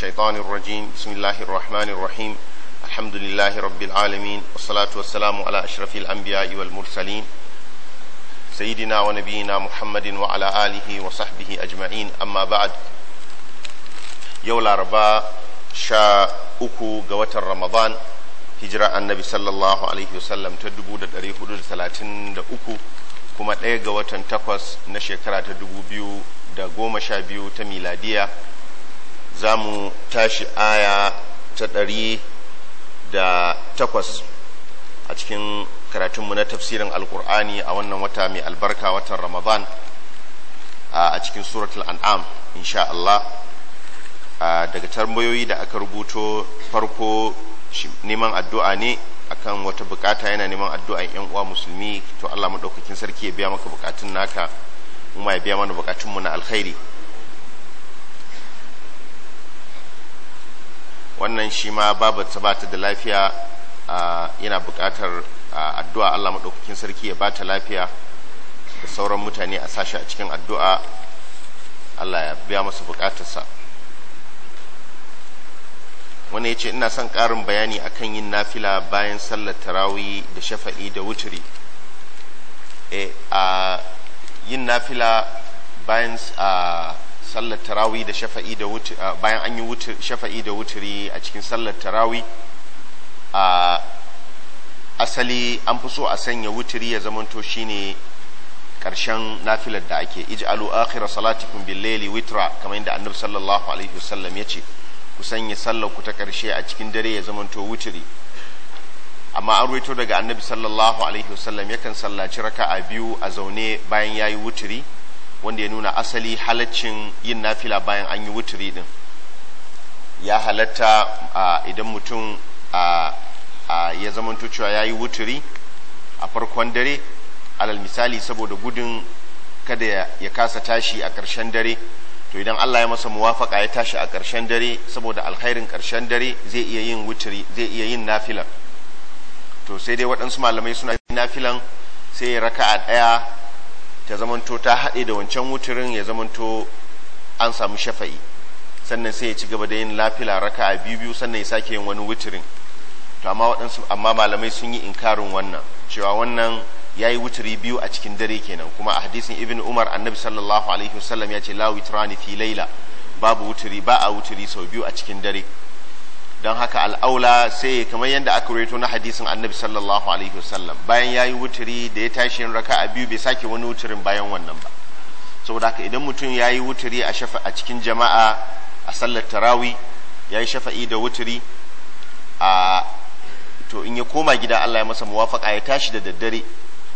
الشيطان الرجيم بسم الله الرحمن الرحيم الحمد لله رب العالمين والصلاة والسلام على أشرف الأنبياء والمرسلين سيدنا ونبينا محمد وعلى آله وصحبه أجمعين أما بعد يولا ربا شا أكو قوة رمضان هجرة النبي صلى الله عليه وسلم تدبو دريه دل ثلاثين دا أكو kuma ɗaya ga watan takwas na shekara ta dubu biyu da goma sha biyu ta miladiya za mu tashi aya ta ɗari da takwas a cikin karatunmu na tafsirin alkur'ani a wannan wata mai albarka watan ramadan a cikin suratul an'am insha Allah daga tambayoyi da aka rubuto farko neman addu'a ne akan wata bukata yana neman addu'a yan uwa musulmi to Allah madaukakin sarki ya biya maka bukatun naka kuma ya biya mana bukatunmu na alkhairi wannan shi ma babu ta da lafiya yana buƙatar addu'a Allah maɗaukakin sarki ya bata lafiya da sauran mutane a sashi a cikin addu'a Allah ya biya masa buƙatarsa wani ya ce ina son ƙarin bayani akan yin nafila bayan sallar tarawi da shafa'i da wuturi eh, a yin nafila bayan a sallar tarawi da shafa'i da wuti bayan an yi shafa'i da wuturi a cikin sallar tarawi a asali an fi so a sanya wuturi ya zamanto shine karshen nafilar da ake ij'alu akhira salatikum bil layli witra kamar yadda annabi sallallahu alaihi wasallam yace ku sanya sallar ku ta karshe a cikin dare ya zamanto wuturi amma an ruwaito daga annabi sallallahu alaihi wasallam yakan sallaci raka'a biyu a zaune bayan yayi wutiri wanda ya nuna asali halaccin yin nafila bayan an yi wuturi din ya halatta idan mutum ya zamanto cewa ya yi wuturi a farkon dare alal misali saboda gudun kada ya kasa tashi a ƙarshen dare to idan Allah ya masa muwafaka ya tashi a ƙarshen dare saboda alkhairin ƙarshen dare zai iya yin wuturi zai iya yin nafilan to sai dai waɗansu malamai suna yin nafilan sai ya raka'a ɗaya ta zamanto ta haɗe da wancan wuturin ya zamanto an samu shafa'i sannan sai ya ci gaba da yin lafila raka a biyu biyu sannan ya sake yin wani wuturin to amma waɗansu amma malamai sun yi inkarin wannan cewa wannan ya yi wuturi biyu a cikin dare kenan kuma a hadisin ibn umar annabi sallallahu alaihi wasallam ya ce la witrani fi laila babu wuturi ba a wuturi sau biyu a cikin dare don haka al'aula sai kamar yadda aka reto na hadisin annabi sallallahu alaihi wasallam bayan ya yi wuturi da ya tashi raka a biyu bai sake wani wuturin bayan wannan ba saboda haka idan mutum ya yi wuturi a shafa a cikin jama'a a sallar tarawi ya yi shafa'i da wuturi a to in ya koma gida Allah ya masa muwafaka ya tashi da daddare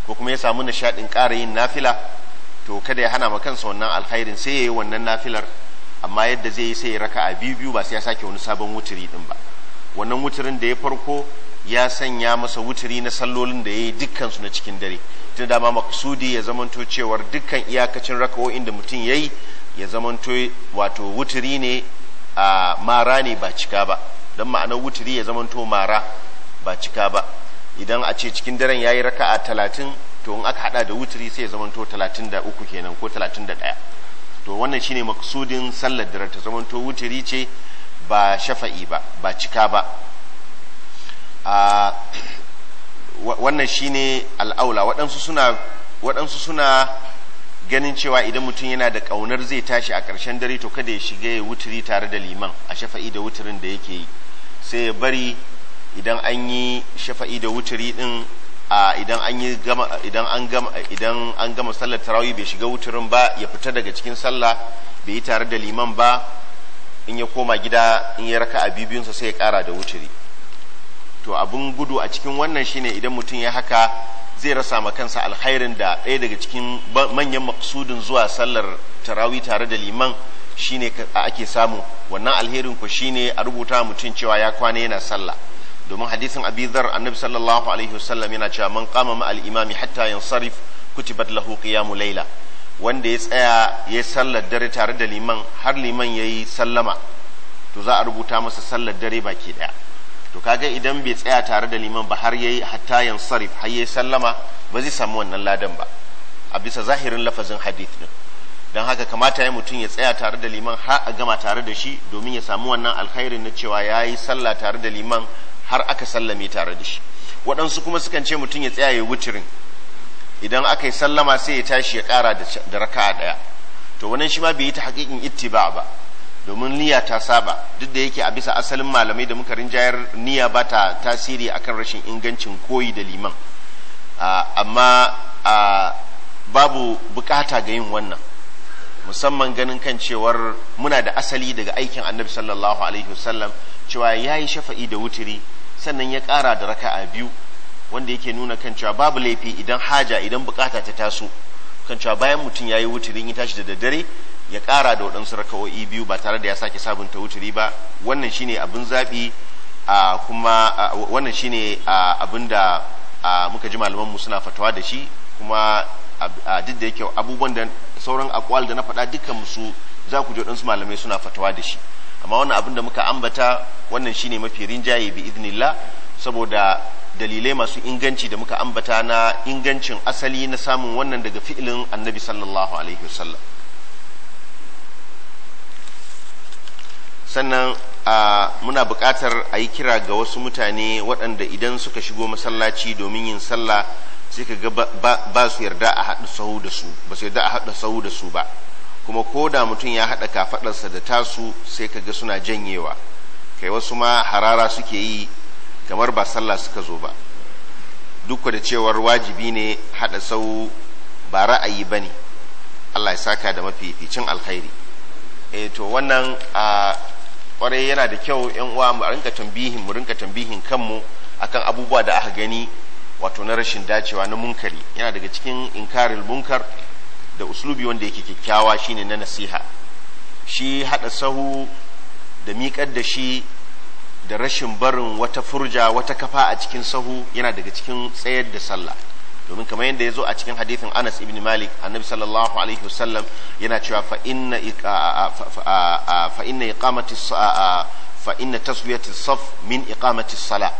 ko kuma ya samu nishaɗin ƙara yin nafila to kada ya hana ma kansa wannan alkhairin sai ya yi wannan nafilar amma yadda zai yi sai ya raka a biyu biyu ba sai ya sake wani sabon wuturi din ba wannan wuturin da ya farko ya sanya masa wuturi na sallolin da ya yi dukkan su na cikin dare tun dama maksudi ya zamanto cewar dukkan iyakacin raka'o'in da mutum ya yi ya zamanto wato wuturi ne a mara ne ba cika ba don ma'anar wuturi ya zamanto mara ba cika ba idan a ce cikin daren ya yi raka'a talatin to in aka hada da wuturi sai ya zamanto talatin da uku kenan ko talatin da ɗaya to wannan shine maksudin sallar da ta zamanto wuturi ce ba shafa'i ba ba cika ba wannan shine al'aula waɗansu suna waɗansu suna ganin cewa idan mutum yana da ƙaunar zai tashi a ƙarshen dare to kada ya shiga ya wuturi tare da liman a shafa'i da wuturin da yake yi sai ya bari idan an yi shafa'i da wuturi din. idan an idan an gama sallar tarawi bai shiga wuturin ba ya fita daga cikin sallah bai yi tare da liman ba in ya koma gida in ya raka a abibiyunsa sai ya kara da wuturi to abin gudu a cikin wannan shine idan mutum ya haka zai rasa ma kansa alkhairin da ɗaya daga cikin manyan maksudin zuwa sallar tarawi tare da liman shine ake samu wannan alherin ku shine a rubuta mutum cewa ya kwana yana sallah domin hadisin abizar annabi sallallahu alaihi wasallam yana cewa man qama ma al imami hatta yansarif kutibat lahu qiyamu layla wanda ya tsaya ya sallar dare tare da liman har liman yayi sallama to za a rubuta masa sallar dare baki daya to kaga idan bai tsaya tare da liman ba har yayi hatta yansarif har yayi sallama ba zai samu wannan ladan ba a bisa zahirin lafazin hadith din dan haka kamata ya mutum ya tsaya tare da liman har a gama tare da shi domin ya samu wannan alkhairin na cewa ya yi sallah tare da liman har aka sallame tare da shi waɗansu kuma sukan ce mutum ya tsaya ya wucirin idan aka yi sallama sai ya tashi ya ƙara da raka'a ɗaya to wannan shi ma bai yi ta haƙiƙin ittiba ba domin niyya ta saba duk da yake a bisa asalin malamai da muka rinjayar niyya ba ta tasiri akan rashin ingancin koyi da liman amma babu bukata ga yin wannan musamman ganin kan cewar muna da asali daga aikin annabi sallallahu alaihi wasallam cewa ya yi shafa'i da wuturi sannan ya kara da raka'a biyu wanda yake nuna kan cewa babu laifi idan haja idan bukata ta taso kan cewa bayan mutum ya yi wuturin ya tashi da daddare ya kara da waɗansu raka'o'i biyu ba tare da ya sake sabunta wuturi ba wannan shine abin zaɓi a kuma wannan shine abin da muka ji malaman mu suna fatawa da shi kuma A duk da yake abubuwan da sauran akwal da na faɗa dukkan su za ku ji waɗansu malamai suna fatawa da shi amma wannan abin da muka ambata wannan shine mafi rinjaye bi idnillah saboda dalilai masu inganci da muka ambata na ingancin asali na samun wannan daga fi'ilin annabi sallallahu alaihi wasallam sannan muna buƙatar a yi kira ga wasu mutane waɗanda idan suka shigo masallaci domin yin sallah sai ka ga ba su yarda a haɗa sahu da su ba su yarda a haɗa sau da su ba kuma ko da mutum ya haɗa kafaɗarsa da tasu sai ka ga suna janyewa kai wasu ma harara suke yi kamar ba sallah suka zo ba duk da cewar wajibi ne haɗa sau ba ra'ayi ba ne allah ya saka da mafificin alkhairi e to wannan a kwarai yana da kyau yan uwa mu rinka tambihin mu rinka tambihin kanmu akan abubuwa da aka gani wato na rashin dacewa na munkari yana daga cikin inkaril munkar da uslubi wanda yake kyakkyawa shine na nasiha shi hada sahu da miƙar da shi da rashin barin wata furja wata kafa a cikin sahu yana daga cikin tsayar da sallah domin kamar yadda ya zo a cikin hadithin Anas ibn Malik annabi sallallahu alaihi wasallam yana cewa fa inna fa inna iqamati fa inna taswiyati saf min iqamati sala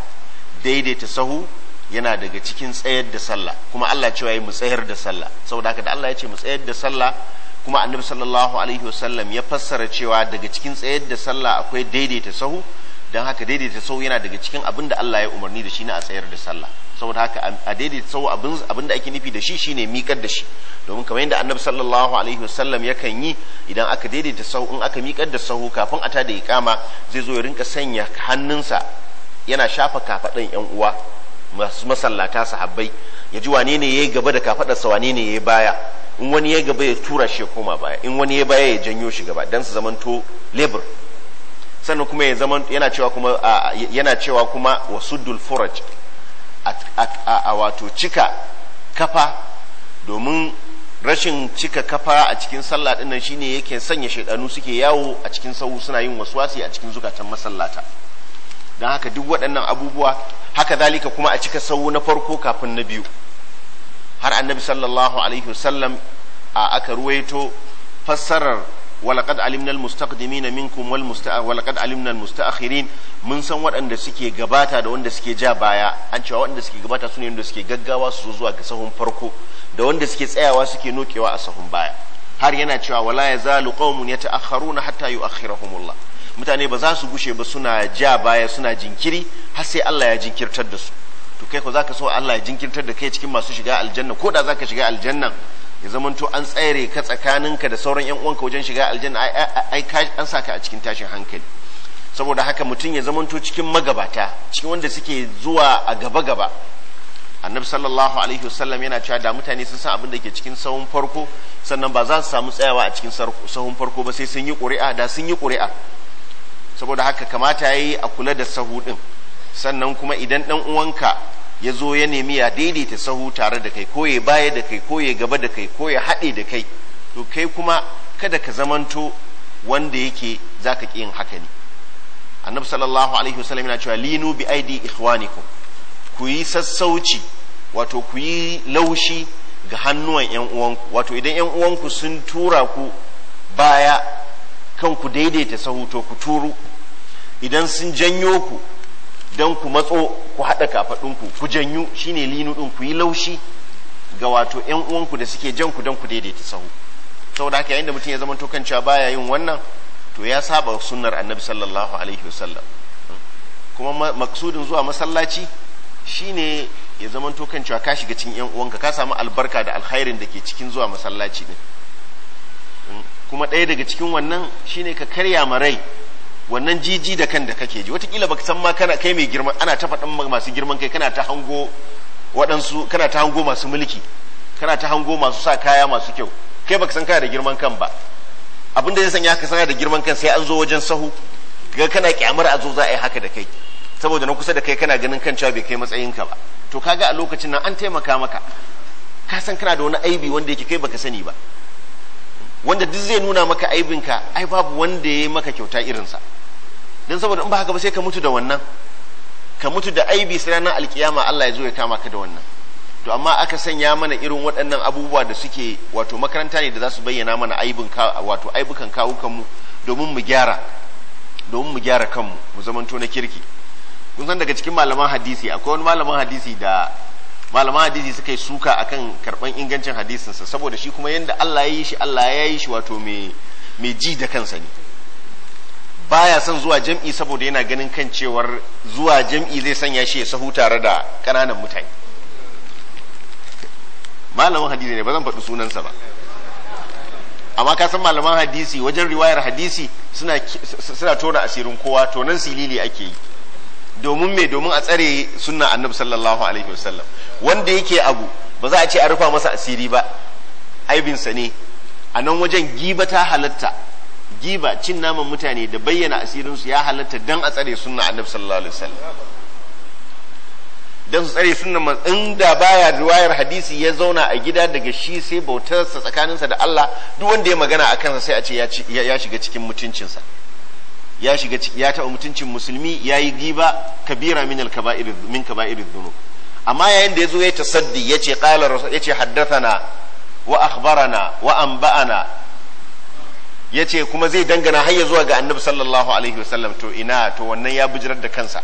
daidaita sahu yana daga cikin tsayar da sallah kuma Allah cewa yi mu tsayar da sallah saboda haka da Allah ya ce mu tsayar da sallah kuma annabi sallallahu alaihi wasallam ya fassara cewa daga cikin tsayar da sallah akwai daidaita sahu dan haka daidaita sahu yana daga cikin abin da Allah ya umarni da shi na a tsayar da sallah saboda haka a daidaita sahu abin da ake nufi da shi shine miƙar da shi domin kamar yadda annabi sallallahu alaihi wasallam yakan yi idan aka daidaita sahu in aka miƙar da sahu kafin a tada iqama zai zo ya rinka sanya hannunsa yana shafa kafaɗan yan uwa masu masallata sahabbai ya ji wane ne ya yi gaba da sa wane ne yi baya in wani ya gaba ya tura shi ya koma baya in wani ya baya ya janyo shi gaba dan su zamanto labor sannan kuma ya zaman yana cewa kuma yana cewa kuma wasu a wato cika kafa domin rashin cika kafa a cikin sallah dinnan shine yake sanya shaidanu suke yawo a cikin sahu suna yin waswasi a cikin zukatan masallata don haka duk waɗannan abubuwa haka zalika kuma a cika sau na farko kafin na biyu har annabi sallallahu alaihi wasallam a aka ruwaito fassarar walaqad alimna almustaqdimina minkum wal alimna almustaakhirin mun san waɗanda suke gabata da wanda suke ja baya an cewa waɗanda suke gabata sune wanda suke gaggawa su zuwa ga sahun farko da wanda suke tsayawa suke nokewa a sahun baya har yana cewa wala ya yazalu qaumun yata'akharuna hatta yu'akhirahumullah mutane ba za su gushe ba suna ja baya suna jinkiri har sai Allah ya jinkirtar da su to kai ko zaka so Allah ya jinkirtar da kai cikin masu shiga aljanna ko da zaka shiga aljanna ya zamanto an tsere ka tsakaninka da sauran yan uwanka wajen shiga aljanna ai an saka a cikin tashin hankali saboda haka mutum ya zamanto cikin magabata cikin wanda suke zuwa a gaba gaba annabi sallallahu alaihi wasallam yana cewa da mutane sun san abin da ke cikin sahun farko sannan ba za su samu tsayawa a cikin sahun farko ba sai sun yi ƙuri'a da sun yi ƙuri'a saboda haka kamata ya yi a kula da sahu ɗin sannan kuma idan ɗan uwanka ya zo ya nemi ya daidaita sahu tare da kai koye baya da kai koye gaba da kai koye haɗe da kai to kai kuma kada ka zamanto wanda yake ka ƙi yin haka ne annabi sallallahu alaihi wasallam yana cewa linu bi aidi ikhwanikum ku yi sassauci wato ku yi laushi ga hannuwan yan uwanku wato idan yan uwanku sun tura ku baya kanku daidaita sahu to ku turu idan sun janyo ku don ku matso ku haɗa kafaɗinku ku janyu shine linu ɗin ku yi laushi ga wato ‘yan uwanku da suke janku ku don ku daidaita sahu saboda haka yayin da mutum ya zama to kanciya baya yin wannan to ya saba sunnar annabi sallallahu alaihi wasallam kuma maksudin zuwa masallaci shine ya zama to ka shiga cikin ‘yan uwanka ka samu albarka da alkhairin da ke cikin zuwa masallaci ne. kuma ɗaya daga cikin wannan shine ka karya ma rai wannan jiji da kan da kake ji watakila ba san ma kana kai mai girma ana ta faɗin masu girman kai kana ta hango waɗansu kana ta hango masu mulki kana ta hango masu sa kaya masu kyau kai baka san kana da girman kan ba abinda zai sanya ka sana da girman kan sai an zo wajen sahu ga kana kyamar a zo za a yi haka da kai saboda na kusa da kai kana ganin kan cewa bai kai matsayinka ba to kaga a lokacin nan an taimaka maka ka san kana da wani aibi wanda yake kai baka sani ba wanda duk zai nuna maka aibinka ai babu wanda ya yi maka kyauta irinsa don saboda in ba haka ba sai ka mutu da wannan ka mutu da aibi sai ranar alkiyama Allah ya zo ya kama ka da wannan to amma aka sanya mana irin waɗannan abubuwa da suke wato makaranta ne da za su bayyana mana aibin wato aibukan kawukan mu domin mu gyara domin mu gyara kanmu mu zamanto na kirki kun san daga cikin malaman hadisi akwai wani malaman hadisi da Malama hadisi suka yi suka akan karban ingancin hadisinsa saboda shi kuma yadda Allah ya yi shi Allah ya yi shi wato mai ji da kansa ne baya son zuwa jam'i saboda yana ganin kan cewar zuwa jam'i zai sanya shi ya sahu tare da kananan mutane malamin hadisi ne ba zan faɗi sunansa ba amma ka san malaman hadisi wajen riwayar hadisi suna tona asirin kowa tonan silili ake yi domin me domin a tsare sunna annabi sallallahu alaihi wasallam wanda yake abu ba za a ce a rufa masa asiri ba aibinsa ne a nan wajen giba ta halatta giba cin naman mutane da bayyana asirin su ya halatta dan a tsare sunna annabi sallallahu alaihi wasallam dan su tsare sunna in da baya riwayar hadisi ya zauna a gida daga shi sai bautar bautarsa tsakaninsa da Allah duk wanda ya magana akan sa sai a ce ya shiga cikin mutuncinsa ya shiga ya taɓa mutuncin musulmi ya yi giba kabira min min kaba'irin amma yayin da ya zo ya Saddi ya ce qala ya ce haddathana wa akhbarana wa ya ce kuma zai dangana har ya zuwa ga annabi sallallahu alaihi wasallam to ina to wannan ya bijirar da kansa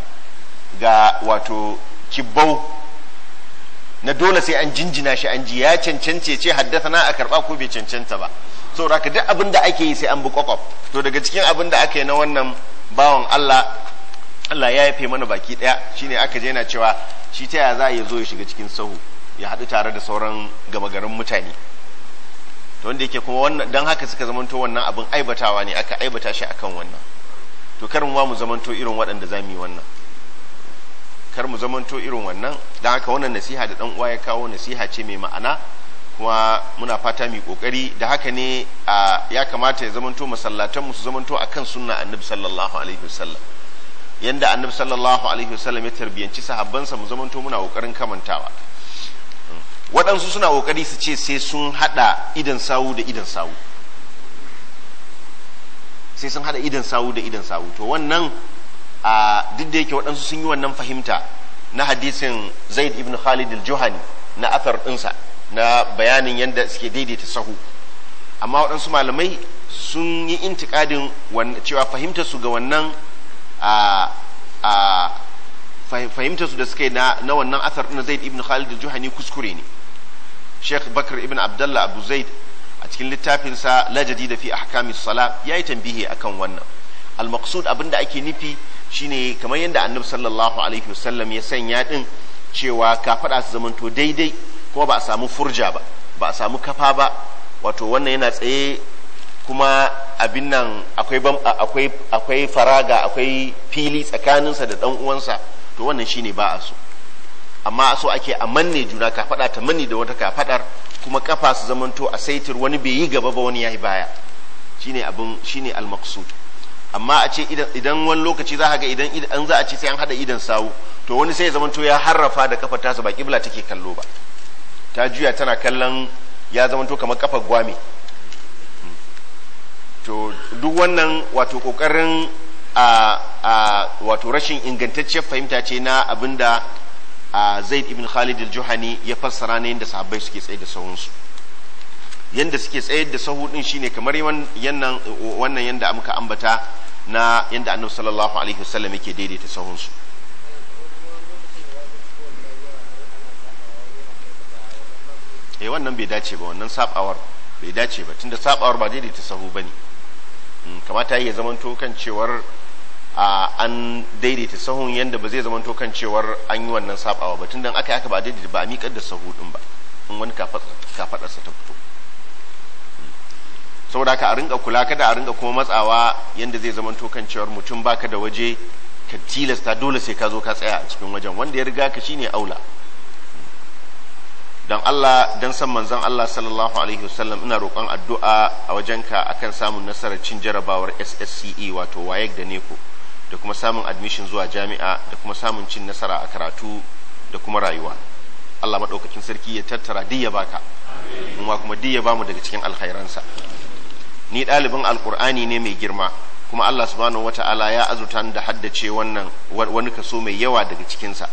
ga wato kibbau na dole sai an jinjina shi an ji ya cancance ce na a karɓa ko bai cancanta ba saboda haka duk abin da ake yi sai an bi kwakwaf to daga cikin abin da aka yi na wannan bawan Allah Allah ya yafe mana baki daya shine aka je yana cewa shi ta yaya za ya zo ya shiga cikin sahu ya haɗu tare da sauran gama garin mutane to wanda yake kuma wannan dan haka suka zamanto wannan abin aibatawa ne aka aibata shi akan wannan to kar mu mu zamanto irin waɗanda za mu yi wannan kar mu zamanto irin wannan dan haka wannan nasiha da dan uwa ya kawo nasiha ce mai ma'ana kuma muna fata mai kokari da haka ne ya kamata ya zamanto masallatan musu su zamanto kan sunna annabi sallallahu alaihi wasallam yanda annabi sallallahu alaihi wasallam ya tarbiyanci sahabbansa mu zamanto muna kokarin kamantawa waɗansu suna kokari su ce sai sun hada idan sawu da idan sawu sai sun hada idan sawu da idan sawu to wannan a duk da yake waɗansu sun yi wannan fahimta na hadisin zaid ibn khalid al-juhani na athar ɗinsa na bayanin yadda suke daidaita sahu amma waɗansu malamai sun yi intikadin cewa fahimtar su ga wannan a su da suke na wannan asar na zaid ibn khalid juhani kuskure ne sheikh bakar ibn abdullah abu zaid a cikin littafinsa lajadi da fi ahkamis sala ya yi tambihi akan wannan al-maqsud abinda ake nufi shine kamar yadda annabi sallallahu alaihi wasallam ya sanya din cewa ka faɗa su zamanto daidai kuma ba a samu furja ba ba a samu kafa ba wato wannan yana tsaye kuma abin nan akwai faraga akwai fili tsakaninsa da dan uwansa to wannan shine ba a so amma a so ake a manne juna ka fada ta manne da wata ka fadar kuma kafa su zamanto a saitir wani bai yi gaba ba wani yayi baya shine abin shine al-maqsud amma a ce idan wani lokaci za ga idan an za a ce sai an hada idan sawu to wani sai ya zamanto ya harrafa da kafa tasa ba kibla take kallo ba ta juya tana kallon ya zama to kamar kafar gwami to duk wannan wato kokarin a a wato rashin ingantacciyar fahimta ce na abinda a zaid ibn khalid al-juhani ya fassara ne yadda sahabbai suke tsaye da sahunsu yadda suke tsaye da sahu din shine kamar wannan yadda muka ambata na yadda annabi sallallahu alaihi wasallam yake daidaita sahunsu eh wannan bai dace ba wannan sabawar bai dace ba tunda sabawar ba daidaita sahu bane hmm, kamata ya to kan cewar a an daidaita sahun yadda ba zai zamanto kan cewar an yi wannan sabawa ba tun dan aka aka ba daidaita ba a miƙar da sahu din ba in wani kafaɗarsa ta fito hmm. saboda ka a rinka kula kada a rinka kuma matsawa yadda zai zamanto kan cewar mutum baka da waje ka tilasta dole sai ka zo ka tsaya a cikin wajen wanda ya riga ka shine aula don Allah don san manzon Allah sallallahu alaihi wasallam ina roƙon addu'a a wajenka akan samun nasarar cin jarabawar SSCE wato WAEC da NECO da kuma samun admission zuwa jami'a da kuma samun cin nasara a karatu da kuma rayuwa Allah maɗaukakin sarki ya tattara duk baka kuma kuma ba bamu daga cikin alkhairansa ni ɗalibin alkur'ani ne mai girma kuma Allah subhanahu wata'ala ya azuta da haddace wannan wani kaso mai yawa daga cikinsa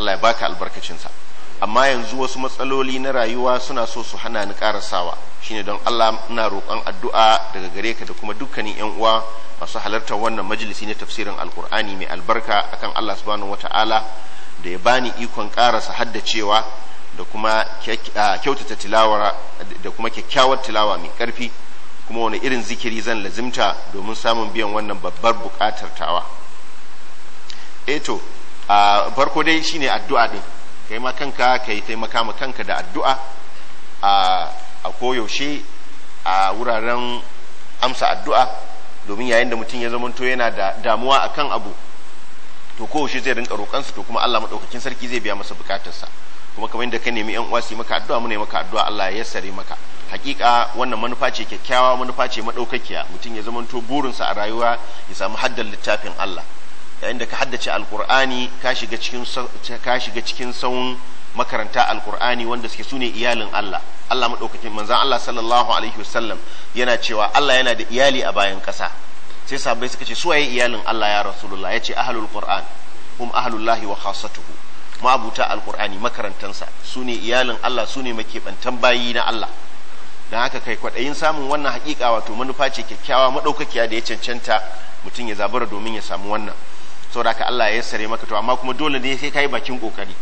Allah ya baka albarkacinsa amma yanzu wasu matsaloli na rayuwa suna so su hana ni karasawa shine don Allah ina roƙon addu'a daga gare ka da kuma dukkanin yan uwa masu halartar wannan majalisi na tafsirin alkur'ani mai albarka akan Allah subhanahu wata'ala da ya bani ikon karasa haddacewa da kuma kyautata tilawar da kuma kyakkyawar tilawa mai karfi kuma wani irin zikiri zan lazimta domin samun biyan wannan babbar buƙatar tawa eto eh a farko dai shine addu'a din kai ma kanka ka yi taimaka ma kanka da addu'a a koyaushe a wuraren amsa addu'a domin yayin da mutum ya zamanto yana da damuwa a kan abu to koyaushe zai rinka roƙansa to kuma Allah maɗaukakin sarki zai biya masa bukatarsa kuma kamar yadda ka nemi yan uwa su maka addu'a mu ne maka addu'a Allah ya sare maka hakika wannan manufa ce kyakkyawa manufa ce maɗaukakiya mutum ya zamanto burinsa a rayuwa ya samu haddar littafin Allah yayin da ka haddace alkur'ani ka shiga cikin ka shiga cikin saun makaranta alkur'ani wanda suke sune iyalin Allah Allah madaukakin manzon Allah sallallahu alaihi wasallam yana cewa Allah yana da iyali a bayan kasa sai sabai suka ce su waye iyalin Allah ya rasulullah yace ahlul qur'an hum ahlullahi wa khassatuhu ma'abuta alkur'ani makarantansa sune iyalin Allah sune makebantan bayi na Allah dan haka kai kwaɗayin samun wannan hakika wato manufa ce kyakkyawa maɗaukakiya da ya cancanta mutum ya zabura domin ya samu wannan saboda ka Allah ya sare maka to amma kuma dole ne sai kai bakin kokari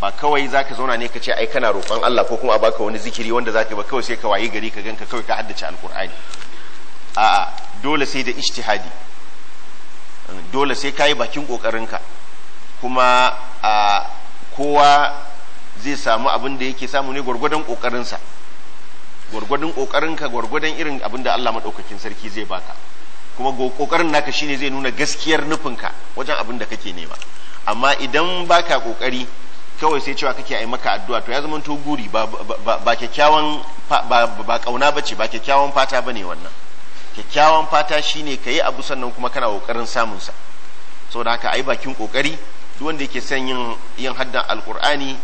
ba kawai za ka zauna ne ka ce ai kana roƙon Allah ko kuma a baka wani zikiri wanda za ka ba kawai sai ka wayi gari ka ganka kawai ka haddace alkur'ani a'a dole sai da ijtihadi dole sai kai bakin ka kuma a kowa zai samu abin da yake samu ne gwargwadon kokarinsa gwargwadon ka gwargwadon irin abin da Allah madaukakin sarki zai baka kuma kokarin naka shine zai nuna gaskiyar nufinka wajen abin da kake nema amma idan baka kokari kawai sai cewa kake ai maka addu'a to ya zama to guri ba ba kyakkyawan ba kauna bace ba kyakkyawan fata bane wannan kyakkyawan fata shine kayi abu sannan kuma kana kokarin samun sa saboda haka ai bakin kokari duk wanda yake son yin yin haddan alqur'ani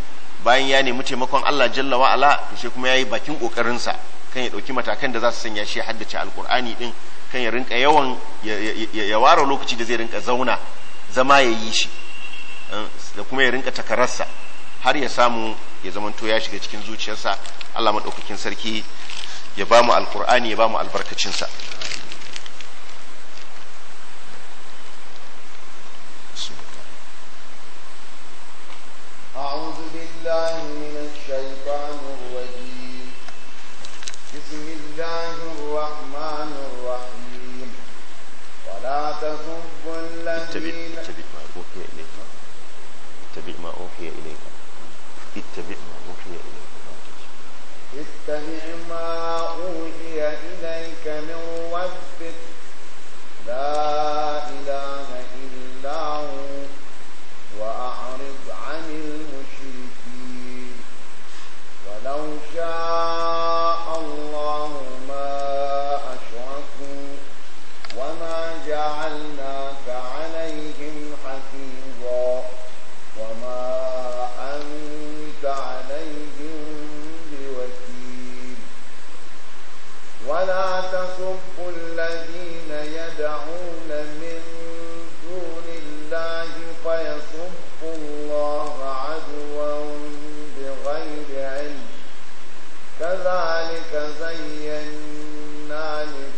bayan ya nemi taimakon Allah jalla wa ala to shi kuma yayi bakin kokarin sa kan ya dauki matakan da za su sanya shi haddace alqur'ani din kan ya rinka yawan ya ware lokaci da zai rinka zauna zama ya yi shi eh, da kuma ya rinka takararsa har ya samu ya zamanto ya shiga cikin zuciyarsa Allah maɗaukakin sarki ya ba mu alkur'ani ya ba mu albarkacinsa بسم الله الرحمن الرحيم لا تسبوا الذين اتبع ما أوحي إليك اتبع ما أوحي إليك اتبع ما أوحي إليك اتبع ما أوحي إليك من ربك لا إله إلا هو وأعرض عن المشركين ولو شاء جعلناك عليهم حفيظا وما أنت عليهم بوكيل ولا تسبوا الذين يدعون من دون الله فيسبوا الله عدوا بغير علم كذلك زينا لكم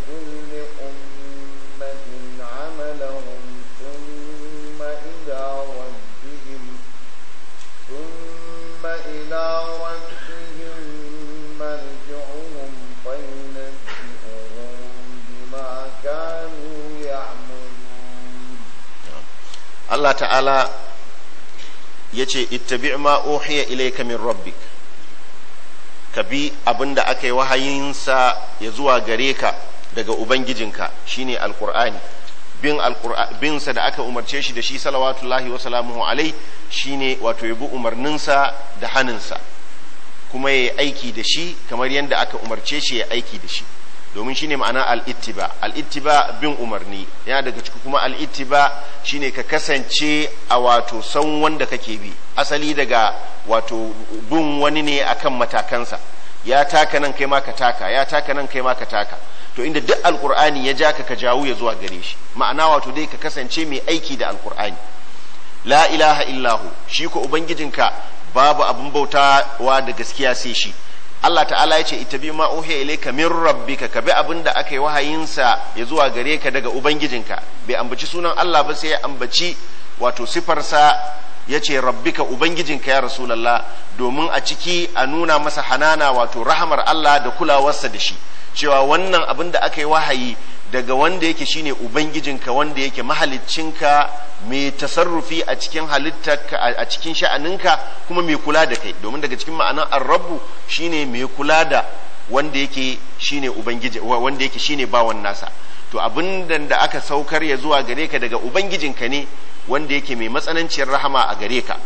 Allah ta’ala ya ce, yace ittabi ma uhiya ilayka min rabbik ka bi abinda aka yi wahayinsa ya zuwa gare ka daga ubangijinka shine alqur'ani bin binsa da aka umarce shi da shi salawatullahi wa salamuhu alai shine wato ya bi umarninsa da haninsa kuma ya aiki da shi kamar yadda aka umarce shi ya aiki da shi domin shine ma'ana al'ittiba al'ittiba bin umarni yana daga ciki kuma al'ittiba shine ka kasance a wato san wanda kake bi asali daga wato bin wani ne akan matakansa ya taka nan kai ma ka taka ya taka nan kai ma ka taka to inda duk alkur'ani ya ja ka ka jawo ya zuwa gare shi ma'ana wato dai ka kasance mai aiki da alkur'ani la ilaha illahu shi ko ubangijinka babu abin bautawa da gaskiya sai shi Allah ta'ala ya ce ita bi ma uhiya ilayka min rabbika ka bi abin da aka yi wahayinsa ya zuwa gare ka daga ubangijinka bai ambaci sunan Allah ba sai ya ambaci wato sifarsa ya ce rabbika ubangijinka ya rasulallah domin a ciki a nuna masa hanana wato rahamar Allah da kulawarsa da shi cewa wannan abin da aka yi wahayi daga wanda yake shine ubangijinka wanda yake mahaliccinka mai tasarrufi a cikin halittarka a cikin sha'aninka kuma mai kula da kai domin daga cikin ma'anar arrabu shine mai kula da wanda yake shine ubangiji wanda yake shine bawan nasa to abin da aka saukar ya zuwa gare ka daga ubangijinka ne wanda yake mai matsananciyar rahama a gare ka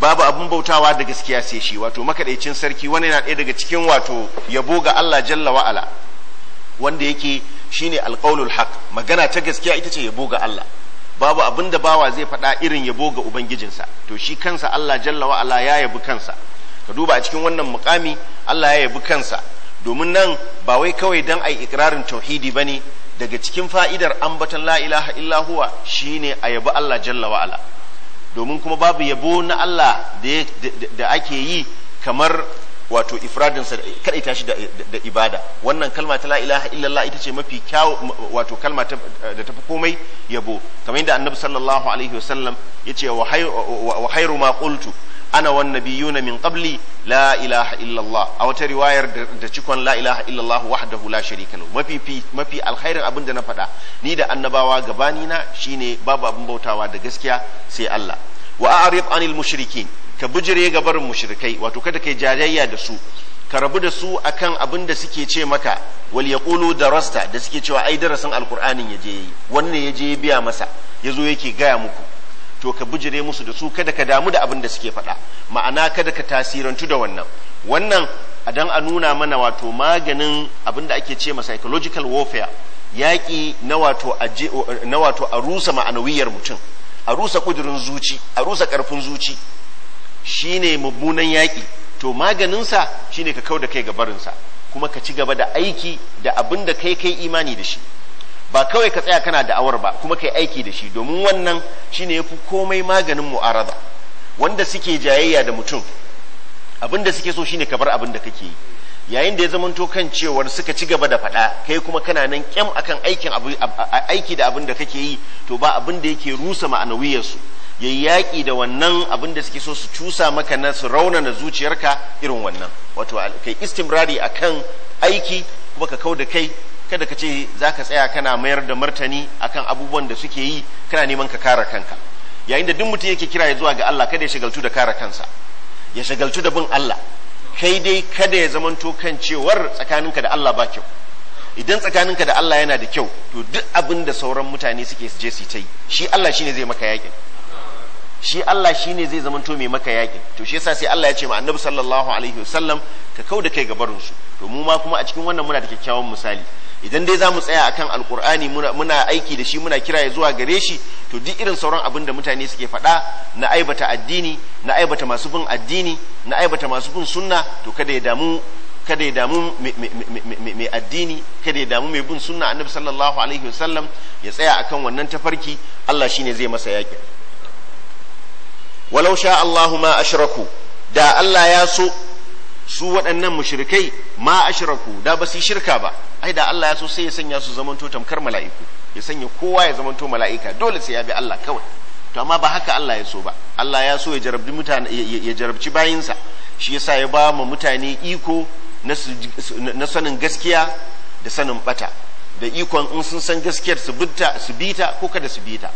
babu abin bautawa da gaskiya sai shi wato makadaicin sarki wani na ɗaya daga cikin wato yabo ga Allah jalla wa'ala wanda yake shine alqaulul haq magana ta gaskiya ita ce yabo ga Allah babu abin da bawa zai faɗa irin yabo ga ubangijinsa to shi kansa Allah jalla wa'ala ya yabi kansa ka duba a cikin wannan mukami Allah ya yabi kansa domin nan ba wai kawai dan ai ikrarin tauhidi bane daga cikin fa'idar ambatan Lailaha Illahuwa huwa shine a yabi Allah jalla wa'ala domin kuma babu yabo na Allah da ake yi kamar wato ifradinsa kada ita shi da ibada wannan kalma ta la ilaha illallah ita ce mafi kyawu wato kalma da tafi komai yabo kamar yadda annabi sallallahu alaihi wasallam ce wa hayru ma qultu ana wan nabiyuna min qabli la ilaha illallah a wata riwayar da cikon la ilaha illallah wahdahu la sharika lahu mafi mafi alkhairin abin da na faɗa ni da annabawa gabani na shine babu abin bautawa da gaskiya sai Allah wa a'rid anil mushrikin ka bujire ga barin mushrikai wato kada kai jayayya da su ka rabu da su akan abin da suke ce maka wal yaqulu darasta da suke cewa ai darasin alqur'anin yaje yi wannan yaje ya biya masa yazo yake gaya muku to ka bijire musu da su kada ka damu da abin da suke faɗa ma'ana kada ka tasirantu da wannan wannan dan a nuna mana wato maganin abin da ake ce ma psychological warfare yaƙi na wato a rusa ma'anawiyar mutum a rusa ƙudurin zuci a rusa ƙarfin zuci shine mummunan yaƙi to maganinsa shine ka kau da kai ga barinsa kuma ka ci gaba da aiki da abin da kai kai imani da shi ba kawai ka tsaya kana da'awar ba kuma kai aiki da shi domin wannan shine yafi komai maganin mu'arada wanda suke jayayya da mutum abin da suke so shine ka bar abin da kake yi yayin da ya zamanto kan cewar suka ci gaba da faɗa kai kuma kana nan kyam akan aikin aiki da abin da kake yi to ba abin da yake rusa ma'anawiyarsu yayi yaki da wannan abin da suke so su cusa maka na su raunana zuciyarka irin wannan wato kai istimrari akan aiki kuma ka kau da kai kada ka ce za ka tsaya kana mayar da martani akan abubuwan da suke yi kana neman ka kare kanka yayin da duk mutum yake kira ya zuwa ga Allah kada ya shagaltu da kare kansa ya shagaltu da bin Allah kai dai kada ya zamanto kan cewar tsakaninka da Allah ba kyau idan tsakaninka da Allah yana da kyau to duk abin da sauran mutane suke je su ta yi shi Allah shine zai maka yakin shi Allah shine zai zamanto mai maka yakin to shi yasa sai Allah ya ce ma Annabi sallallahu alaihi wasallam ka kauda kai ga barin su to mu ma kuma a cikin wannan muna da kyakkyawan misali idan dai za mu tsaya a kan alkur'ani muna aiki da shi muna kira zuwa gare shi to duk irin sauran abin da mutane suke faɗa na aibata addini na aibata masu bin addini na aibata masu bin sunna to kada ya damu kada ya damu mai addini kada ya damu mai bin sunna annabi sallallahu alaihi wasallam ya tsaya akan wannan tafarki Allah shine zai masa yaki walau sha Allahu ma ashraku da Allah ya so su waɗannan mushrikai ma ashraku da ba su shirka ba ai da Allah ya so sai ya sanya su zamanto tamkar mala'iku ya sanya kowa ya zamanto mala'ika dole sai ya bi Allah kawai to amma ba haka Allah ya so ba Allah ya so ya jarabci mutane ya jarabci bayinsa shi yasa ya ba mu mutane iko na sanin gaskiya da sanin bata da ikon in sun san gaskiyar su bita su bita ko kada su bita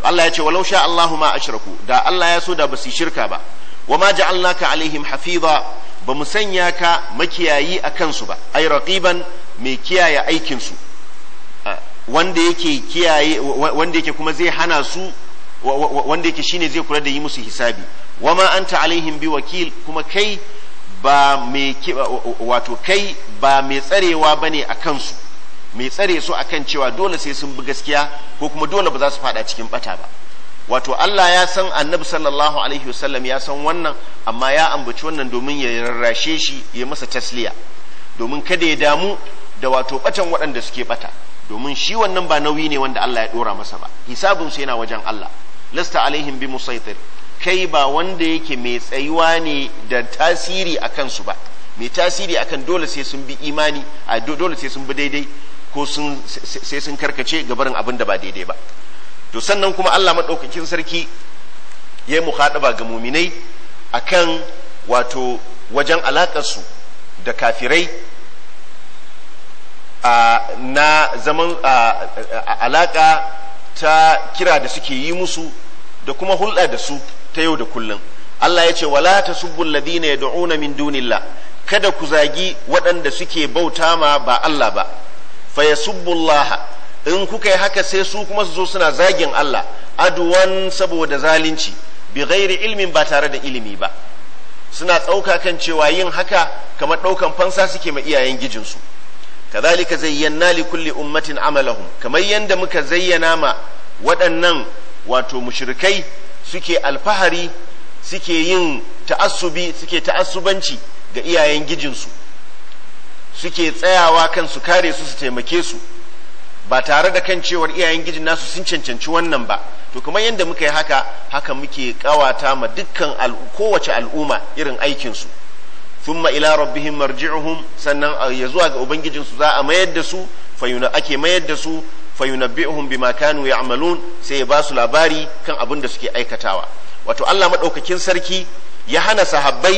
to Allah ya ce walau sha Allahu ma ashraku da Allah ya so da ba su shirka ba wa ma ja'alnaka alaihim hafiza ba mu sanya ka makiyayi a kansu ba ai raqiban mai kiyaye aikin su ah, wanda yake kiyaye wanda yake kuma zai hana su wanda yake shine zai kula da yi musu hisabi wa ma anta alaihim bi wakil kuma kai ba mai wato kai ba mai tsarewa bane a kansu mai tsare su akan cewa dole sai sun bi gaskiya ko kuma dole ba za su fada cikin bata ba wato Allah ya san annabi sallallahu alaihi wasallam ya san wannan amma ya ambaci wannan domin ya rarrashe shi ya masa tasliya domin kada ya damu da wato batan waɗanda suke bata domin shi wannan ba nauyi ne wanda Allah ya dora masa ba hisabun su yana wajen Allah lasta alaihim bi musaitir kai ba wanda yake mai tsayuwa ne da tasiri a kansu ba mai tasiri akan dole sai sun bi imani a dole sai sun bi daidai ko sun sai sun karkace gabarin abin da ba daidai ba to sannan kuma Allah maɗaukakin sarki ya yi muhaɗaba ga muminai akan wato wajen alaƙarsu da kafirai na zaman alaƙa ta kira da suke yi musu da kuma hulɗa da su ta yau da kullum Allah ya ce wala ta subbul ladina yad'una min dunillah kada ku zagi waɗanda suke bauta ma ba Allah ba fa yasubbullaha in kuka yi haka sai su kuma su zo suna zagin Allah aduwan saboda zalunci bi ghairi ilmin ba tare da ilimi ba suna tsauka kan cewa yin haka kamar ɗaukan fansa suke ma iyayen gijinsu kazalika zayyana li kulli ummatin amalahum kamar yadda muka zayyana ma waɗannan wato mushrikai suke alfahari suke yin ta'assubi suke ta'assubanci ga iyayen gijinsu suke tsayawa kan su kare su su taimake su ba tare da kan cewar iyayen gijin nasu sun cancanci wannan ba to kamar yadda muka yi haka haka muke kawata ma dukkan kowace al'umma irin aikinsu thumma ila rabbihim marji'uhum sannan ah, ya zuwa ga ubangijinsu za a mayar da su fayuna ake mayar da su fayunabbi'uhum bima kanu ya'malun sai ya ba su labari kan abin da suke aikatawa wato Allah madaukakin sarki ya hana sahabbai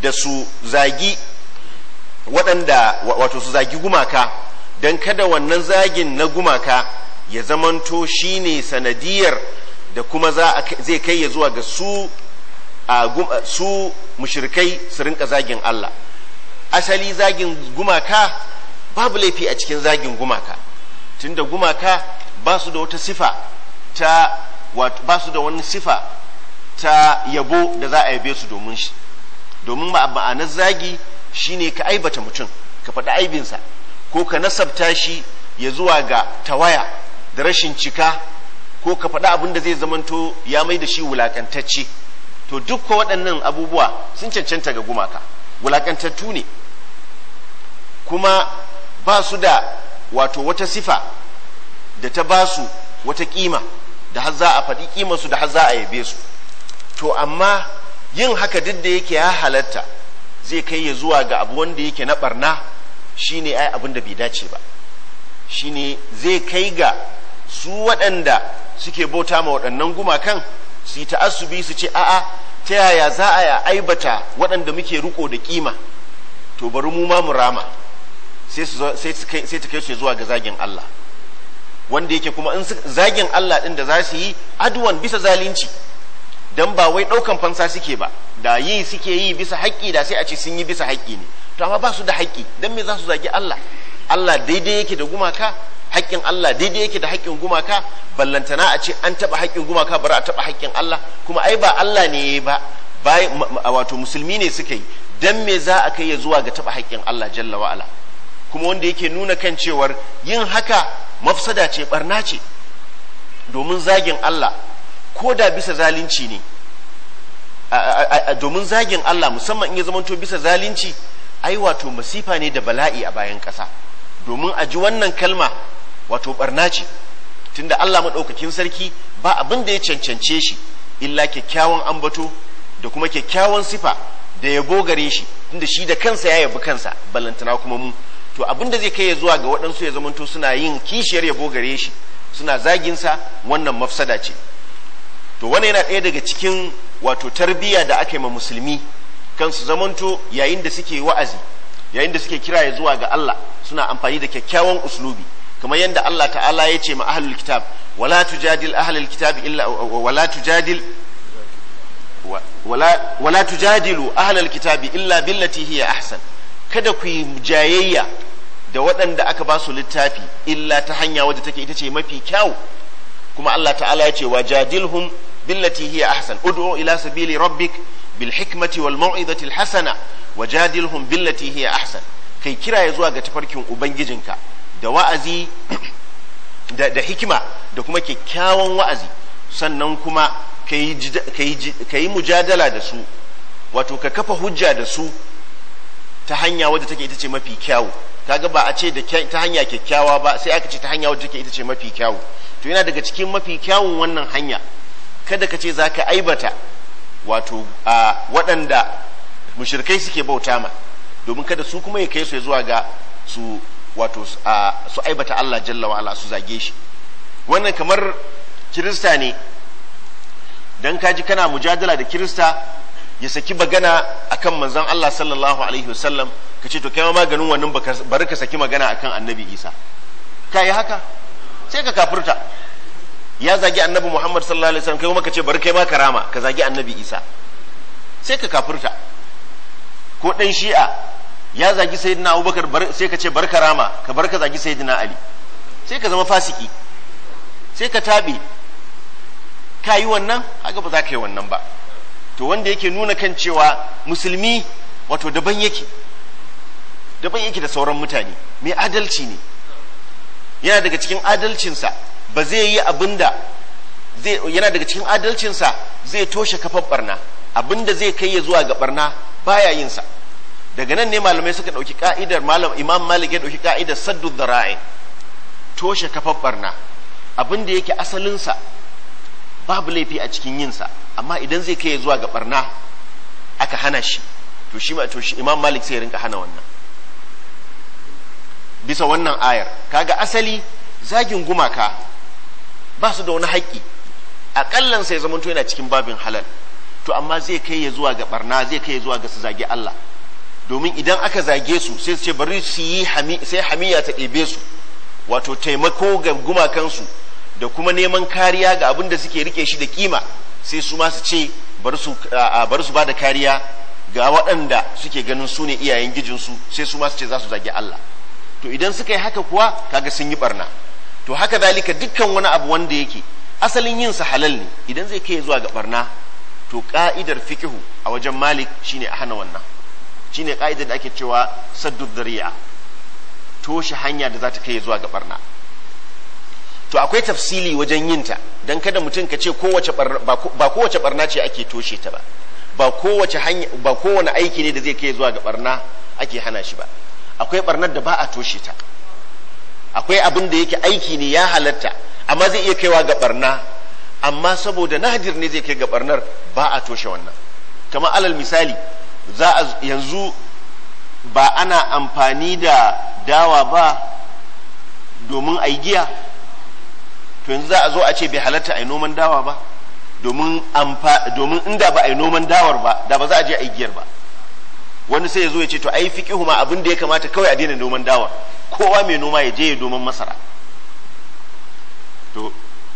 da su zagi waɗanda wato su zagi gumaka don kada wannan zagin na gumaka ya zamanto shi ne sanadiyar da kuma zai kai ya zuwa ga su su mushrikai su rinka zagin Allah asali zagin gumaka babu laifi a cikin zagin gumaka tunda gumaka ba su da wata sifa ta ba su da wani sifa ta yabo da za a yabe su domin shi domin ma'anar zagi shine ka aibata mutum ka faɗi aibinsa ko ka nasabta shi ya zuwa ga tawaya da rashin cika ko ka faɗa abin da zai zamanto ya mai da shi wulaƙantacce to dukkan waɗannan abubuwa sun cancanta ga gumaka wulaƙantattu ne kuma ba su da wato wata sifa da ta ba su wata ƙima da har za a faɗi ƙimarsu da har za a yabe su to amma yin haka duk da yake ya halatta zai kai ya zuwa ga abu wanda yake na ɓarna Shi shine ai abin da bai dace ba shi ne zai kai ga su waɗanda suke bauta ma waɗannan gumakan su yi ta'asubi su ce a'a ta yaya za a ya aibata waɗanda muke riko da kima to bari mu ma mu rama sai ta kai su zuwa ga zagin Allah wanda yake kuma in zagin Allah ɗin da za su yi aduwan bisa zalunci don ba wai ɗaukan fansa suke ba da yi suke yi bisa haƙƙi da sai a ce sun yi bisa haƙƙi ne to amma ba su da haƙƙi don me za su zagi Allah Allah daidai yake da gumaka haƙƙin Allah daidai yake da haƙƙin gumaka ballantana a ce an taɓa haƙƙin gumaka bari a taɓa haƙƙin Allah kuma ai ba Allah ne ya ba bai wato musulmi ne suka yi don me za a kai ya zuwa ga taɓa haƙƙin Allah jalla wa'ala kuma wanda yake nuna kan cewar yin haka mafsada ce barna ce domin zagin Allah ko da bisa zalunci ne domin zagin Allah musamman in ya zamanto bisa zalunci ai wato masifa ne da bala'i a bayan ƙasa domin a ji wannan kalma wato barna ce tunda Allah maɗaukakin sarki ba abin da ya cancance shi illa kyakkyawan ambato da kuma kyakkyawan sifa da ya gogare shi tunda shi da kansa ya yabi kansa ballantana kuma mu to abin da zai kai ya zuwa ga waɗansu ya zamanto suna yin kishiyar ya gogare shi suna zaginsa wannan mafsada ce to wannan yana ɗaya daga cikin wato tarbiyya da aka yi ma musulmi kansu zamanto yayin da suke wa'azi yayin da suke kira ya zuwa ga Allah suna amfani da kyakkyawan uslubi kamar yadda Allah ta'ala ya ce ma kitab wala tujadil kitab illa wala tujadil wala tujadilu ahlul kitab illa billati hiya ahsan kada ku yi jayayya da waɗanda aka ba su littafi illa ta hanya wadda take ita ce mafi kyau kuma Allah ta'ala ya ce wajadilhum billati hiya ahsan ud'u ila sabili rabbik bil hikmati wal mau'izati al hasana wajadilhum billati hiya ahsan kai kira ya zuwa ga tafarkin ubangijinka da wa'azi da, hikima da kuma kyakkyawan wa'azi sannan kuma ka yi mujadala da su wato ka kafa hujja da su ta hanya wadda take ita ce mafi kyawu kaga ba a ce da ta hanya kyakkyawa ba sai aka ce ta hanya wadda take ita ce mafi kyawu to yana daga cikin mafi kyawun wannan hanya kada ka ce za ka aibata wato a waɗanda mushrikai suke bauta ma domin kada su kuma ya kai su zuwa ga su wato su aibata Allah jalla wa su zage shi wannan kamar kirista ne dan kaji kana mujadala da kirista ya saki magana akan manzon Allah sallallahu alaihi wasallam kace to kai maganin wannan bari ka saki magana akan annabi Isa kai haka sai ka kafurta. ya zagi annabi muhammad sallallahu alaihi wasallam kai kuma ka ce bari kai ma karama ka zagi annabi isa sai ka kafirta ko dan shi'a ya zagi sayyidina abubakar sai ka ce bar karama ka bar ka zagi sayyidina ali sai ka zama fasiki sai ka tabe ka yi wannan haka ba za ka yi wannan ba to wanda yake nuna kan cewa musulmi wato daban yake daban yake da sauran mutane mai adalci ne yana daga cikin adalcinsa ba zai yi abinda da yana daga cikin adalcinsa zai toshe kafar barna abinda zai kai ya zuwa ga barna baya yin daga nan ne malamai suka dauki ka'idar malam imam malik ya dauki ka'idar saddu dhara'i toshe kafar barna abinda yake asalin sa babu laifi a cikin yinsa sa amma idan zai kai ya zuwa ga barna aka hana shi to shi to shi imam malik sai ya rinka hana wannan bisa wannan ayar kaga asali zagin gumaka ba su da wani haƙƙi aƙallan sai zamanto yana cikin babin halal to amma zai kai ya zuwa ga barna zai kai ya zuwa ga su zage Allah domin idan aka zage su sai su ce bari su yi sai hamiya ta ɗebe su wato taimako ga gumakansu da kuma neman kariya ga abin da suke rike shi da kima sai su ma su ce bari su ba da kariya ga waɗanda suke ganin su ne iyayen gijinsu sai su ma su ce za su zage Allah to idan suka yi haka kuwa kaga sun yi barna to haka zalika dukkan wani abu wanda yake asalin yin sa halal ne idan zai kai zuwa ga barna to ka'idar fikihu a wajen malik shine a hana wannan shine ka'idar da ake cewa saddu dhari'a toshe hanya da za ta kai zuwa ga barna to akwai tafsili wajen yin ta dan kada mutum ka ce ba kowace barna ce ake toshe ta ba ba kowace hanya ba kowane aiki ne da zai kai zuwa ga barna ake hana shi ba akwai barnar da ba a toshe ta akwai abin da yake aiki ne ya halatta amma zai iya kaiwa ga barna amma saboda nahadir ne zai kai ga barnar ba a toshe wannan kamar alal misali za a yanzu ba ana amfani da dawa ba domin a yi giya to yanzu za a zo a ce bai halatta a yi noman dawa ba domin inda ba a yi noman dawar ba da ba za a je a yi giyar ba wani sai ya zo ya ce to ai fiqihu ma abin da ya kamata kawai a daina noman dawa kowa mai noma ya je ya noman masara to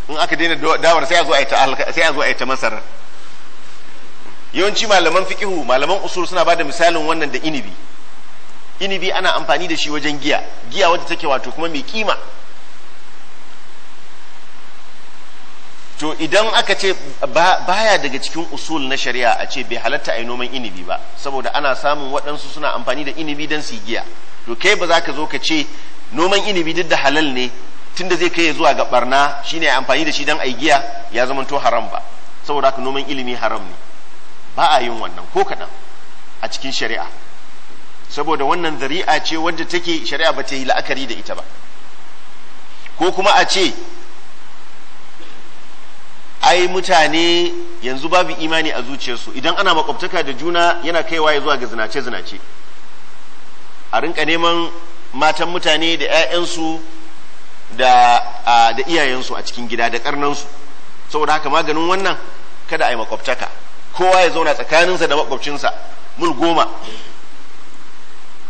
in aka daina dawar sai a zo a yi ta sai a zo a ta masarar yawanci malaman fiqihu malaman usul suna bada misalin wannan da inibi inibi ana amfani da shi wajen giya giya wadda take wato kuma mai kima to idan aka ce baya daga cikin usul na shari'a a ce bai halatta a yi noman inibi ba saboda ana samun waɗansu suna amfani da inibi don su giya to kai ba za ka zo ka ce noman inibi duk da halal ne tunda zai kai zuwa ga barna shine amfani da shi don a giya ya zama to haram ba saboda haka noman ilimi haram ne ba a yin wannan ko kaɗan a cikin shari'a saboda wannan zari'a ce wadda take shari'a ba ta yi la'akari da ita ba ko kuma a ce ai mutane yanzu babu imani a zuciyarsu idan ana makwabtaka da juna yana kaiwa ya zuwa ga zinace-zinace a rinka neman matan mutane da 'ya'yansu da iyayensu a cikin gida da karnansu saboda haka maganin wannan kada a yi makwabtaka kowa ya zauna tsakaninsa da makwabcinsa mul goma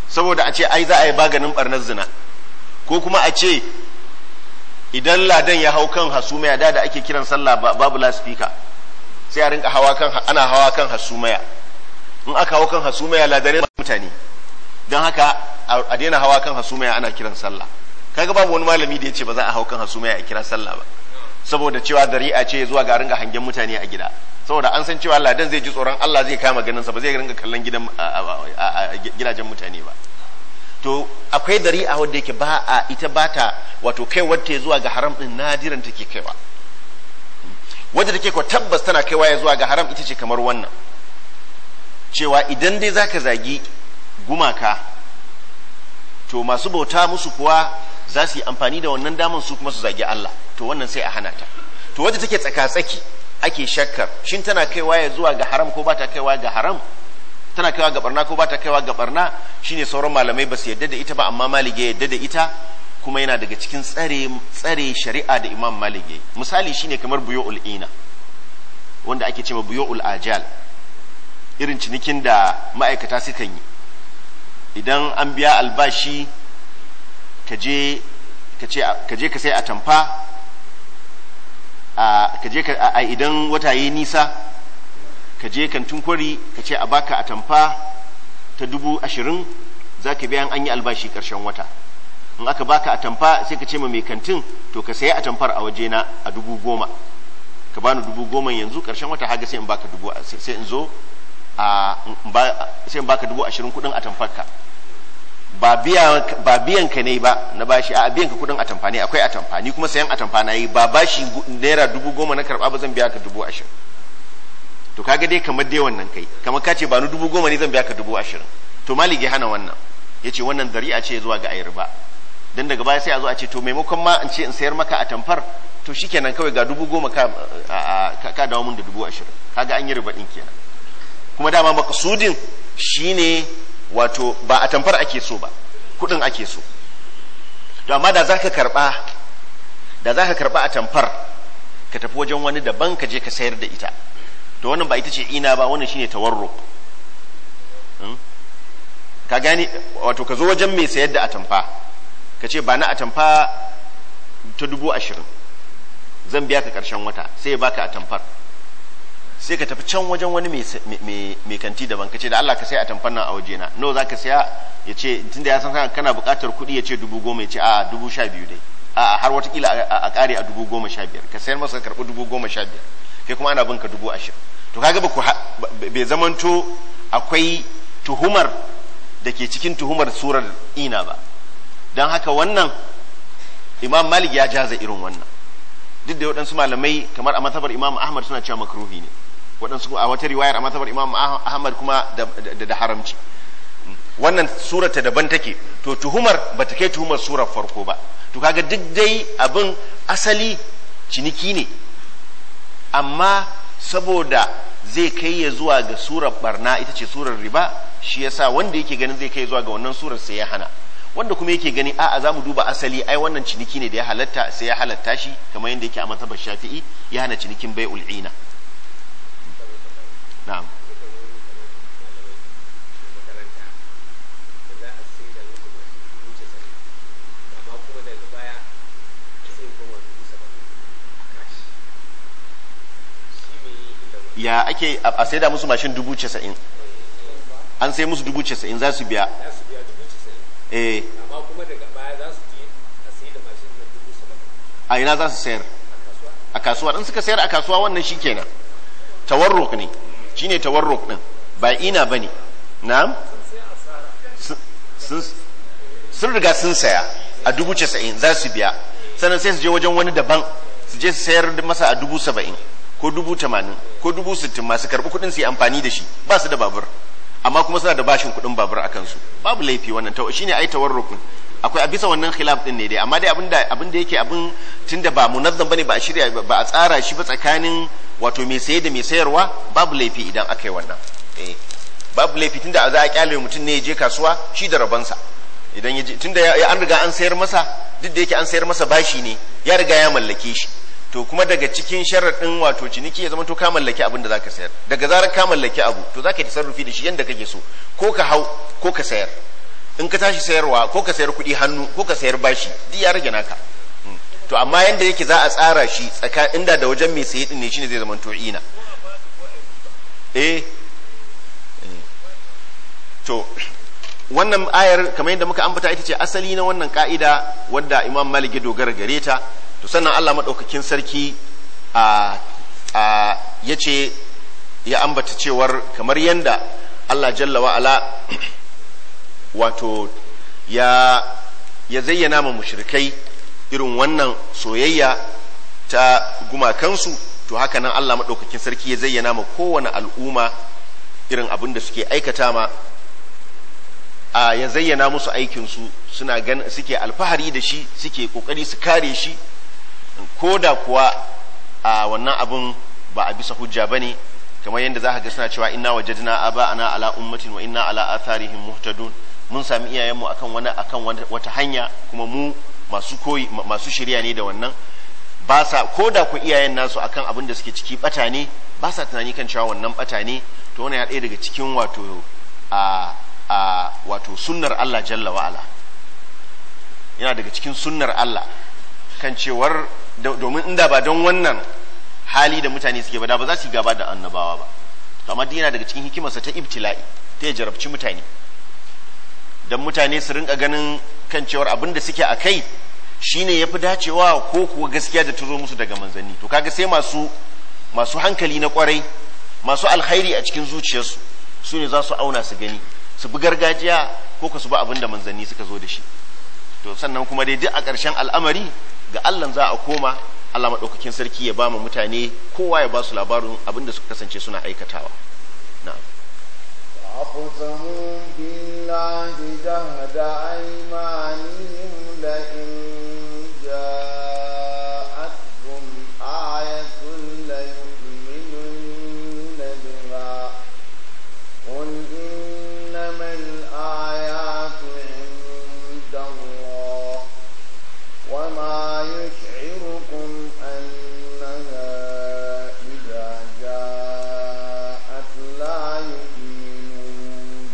saboda a ce ai za a yi maganin barnar zina ko kuma a ce idan ladan ya hau kan hasumaya da da ake kiran sallah babu laspika sai a rinka hawa kan ana hawa kan hasumaya in aka hawa kan hasumaya ladare mutane don haka a daina hawa kan hasumaya ana kiran sallah kaga babu wani malami da ya ce ba za a hawa kan hasumaya a kira sallah ba saboda cewa dari'a ce zuwa ga ringa hangen mutane a gida saboda an san cewa ladan zai ji tsoron Allah zai kama ganin sa ba zai ringa kallon gidan gidajen mutane ba to akwai dari'a wadda yake ba a ita ba ta wato kai wadda ya zuwa ga haram din nadiran take kaiwa wadda take ko tabbas tana kaiwa ya zuwa ga haram ita ce kamar wannan cewa idan dai za ka zagi gumaka to masu bauta musu kuwa za su yi amfani da wannan daman su kuma su zagi Allah to wannan sai a hana ta to wadda take tsaka-tsaki ake shakkar shin tana kaiwa ya zuwa ga haram ko ba ta kaiwa ga haram tana kaiwa ga barna ko ba ta kaiwa ga barna shine sauran malamai ba su yadda da ita ba amma malige yadda da ita kuma yana daga cikin tsare tsare shari'a da Imam malige misali shine kamar buyo ina wanda ake cewa buyo ajal irin cinikin da ma'aikata sukan yi idan an biya albashi ka je ka sai a tamfa a idan wata yi nisa ka je kantin kwari ka ce a baka a tamfa ta dubu ashirin za ka biya an yi albashi ƙarshen wata in aka baka a tamfa sai ka ce ma mai kantin to ka sayi tamfar a waje na a dubu goma ka bani dubu goma yanzu ƙarshen wata haga sai in baka dubu sai in zo a sai in baka dubu ashirin kuɗin tamfar ka ba biyan ka ne ba na bashi a biyan ka a tamfa ne akwai tamfa ni kuma sayan tamfa na yi ba bashi naira dubu goma na karba ba zan biya ka dubu ashirin to kaga dai kamar dai wannan kai kamar ka ce ba ni dubu goma ne zan biya ka dubu ashirin to malik ya hana wannan ya ce wannan zari'a ce zuwa ga ayarba don dan daga baya sai a zo a ce to maimakon ma in ce in sayar maka a tamfar to shikenan kawai ga dubu goma ka ka dawo mun da dubu ashirin kaga an yi riba din kenan kuma dama shi shine wato ba a tamfar ake so ba kudin ake so to amma da zaka karba da zaka karba a tamfar ka tafi wajen wani daban ka je ka sayar da ita to wannan ba ita ce ina ba wannan shine tawarruk hmm? ka gani wato ka zo wajen mai sayar da atamfa ka ce ba na atamfa ta dubu ashirin zan biya ka karshen wata sai ya baka atamfar sai ka tafi can wajen wani mai kanti daban ka ce da Allah ka sai atamfar nan a waje na nawa za ka saya ya ce tunda ya san kana buƙatar kuɗi ya ce dubu goma ya ce a dubu sha biyu dai a har watakila a ƙare a dubu goma sha biyar ka sayar masa karɓi dubu goma sha biyar kai kuma ana bin dubu ashirin to kaga ba ku bai zamanto akwai tuhumar da ke cikin tuhumar surar ina ba don haka wannan imam malik ya jaza irin wannan duk da waɗansu malamai kamar a matsabar imam ahmad suna cewa makruhi ne waɗansu a wata riwayar a matsabar imam ah, ahmad kuma da haramci wannan surar ta daban take to tuhumar ba ta kai tuhumar surar farko ba to kaga duk dai abin asali ciniki ne amma saboda zai kai ya zuwa ga surar barna ita ce surar riba shi yasa wanda yake ganin zai kai zuwa ga wannan surar sai ya hana wanda kuma yake gani a'a za mu duba asali ai wannan ciniki ne da ya halatta sai ya halatta shi kamar yadda yake a mazhabar shafi'i ya hana cinikin bai'ul ina na'am ya ake a sai da musu mashin dubu casa'in an sai musu dubu casa'in za su biya eh amma kuma daga baya za su je a sai da mashin na dubu saba'in a ina za su sayar a kasuwa in suka sayar a kasuwa wannan shi kenan tawarruk ne shi ne tawarruk ɗin ba ina ne na'am sun riga sun saya a dubu casa'in za su biya sannan sai su je wajen wani daban su je su sayar masa a dubu saba'in ko dubu tamanin ko dubu sittin masu karɓi kuɗin su yi amfani da shi ba su da babur amma kuma suna da bashin kuɗin babur a kansu babu laifi wannan ta shine ai tawarrukun akwai a bisa wannan khilaf din ne dai amma dai abin da abin da yake abin tunda ba munazzam bane ba a shirya ba a tsara shi ba tsakanin wato mai saye da mai sayarwa babu laifi idan aka yi wannan eh, babu laifi tunda za a kyale mutum ne ya je kasuwa shi da rabansa idan ya tunda an riga an sayar masa duk da yake an sayar masa bashi ne ya riga ya mallake shi to kuma daga cikin sharaɗin wato ciniki ya zama to ka mallaki abin da ka sayar daga zarar ka mallaki abu to zaka yi tasarrufi da shi yanda kake so ko ka hau ko ka sayar in ka tashi sayarwa ko ka sayar kuɗi hannu ko ka sayar bashi duk ya rage naka hmm. to amma yanda yake za a tsara shi tsaka inda da wajen mai sayi din ne shine zai zama to ina eh. eh to wannan ayar kamar yadda muka ambata ita ce asali na wannan ka'ida wanda imam malik ya dogara gare ta to sannan Allah maɗaukakin sarki a ya ce ya ambata cewar kamar yadda Allah jalla wa'ala wato ya ya zayyana ma mushrikai irin wannan soyayya ta gumakansu to haka nan Allah maɗaukakin sarki ya zayyana ma kowane al'umma irin abin da suke aikata ma a ya zayyana musu aikinsu suna gan suke alfahari da shi suke kokari su kare shi ko da kuwa a wannan abun ba a bisa hujja ba ne kamar yadda za ka ga suna cewa inna wajadna aba ana ala ummatin wa inna ala atharihim muhtadun mun sami iyayenmu akan wani wata hanya kuma mu masu koyi masu shirya ne da wannan ba sa ko da ku iyayen nasu akan abin da suke ciki bata ne ba sa tunani kan cewa wannan bata ne to wannan ya ɗaya daga cikin wato a a wato sunnar Allah jalla wa'ala yana daga cikin sunnar Allah kan cewar domin inda ba don wannan hali da mutane suke ba da ba za su gaba da annabawa ba to amma yana daga cikin hikimarsa ta ibtila'i ta jarabci mutane don mutane su rinka ganin kan cewar abin da suke a kai shine ya fi dacewa ko kuwa gaskiya da turo musu daga manzanni to kaga sai masu masu hankali na kwarai masu alkhairi a cikin zuciyarsu su ne za su auna su gani su bi gargajiya ko ka su bi abin da manzanni suka zo da shi to sannan kuma dai duk a ƙarshen al'amari ga Allah za a koma Allah maɗaukakin sarki ya ba mu mutane kowa ya ba su labarin abin da suka kasance suna aikatawa na'am وما يشعركم أنها إذا جاءت لا يؤمنون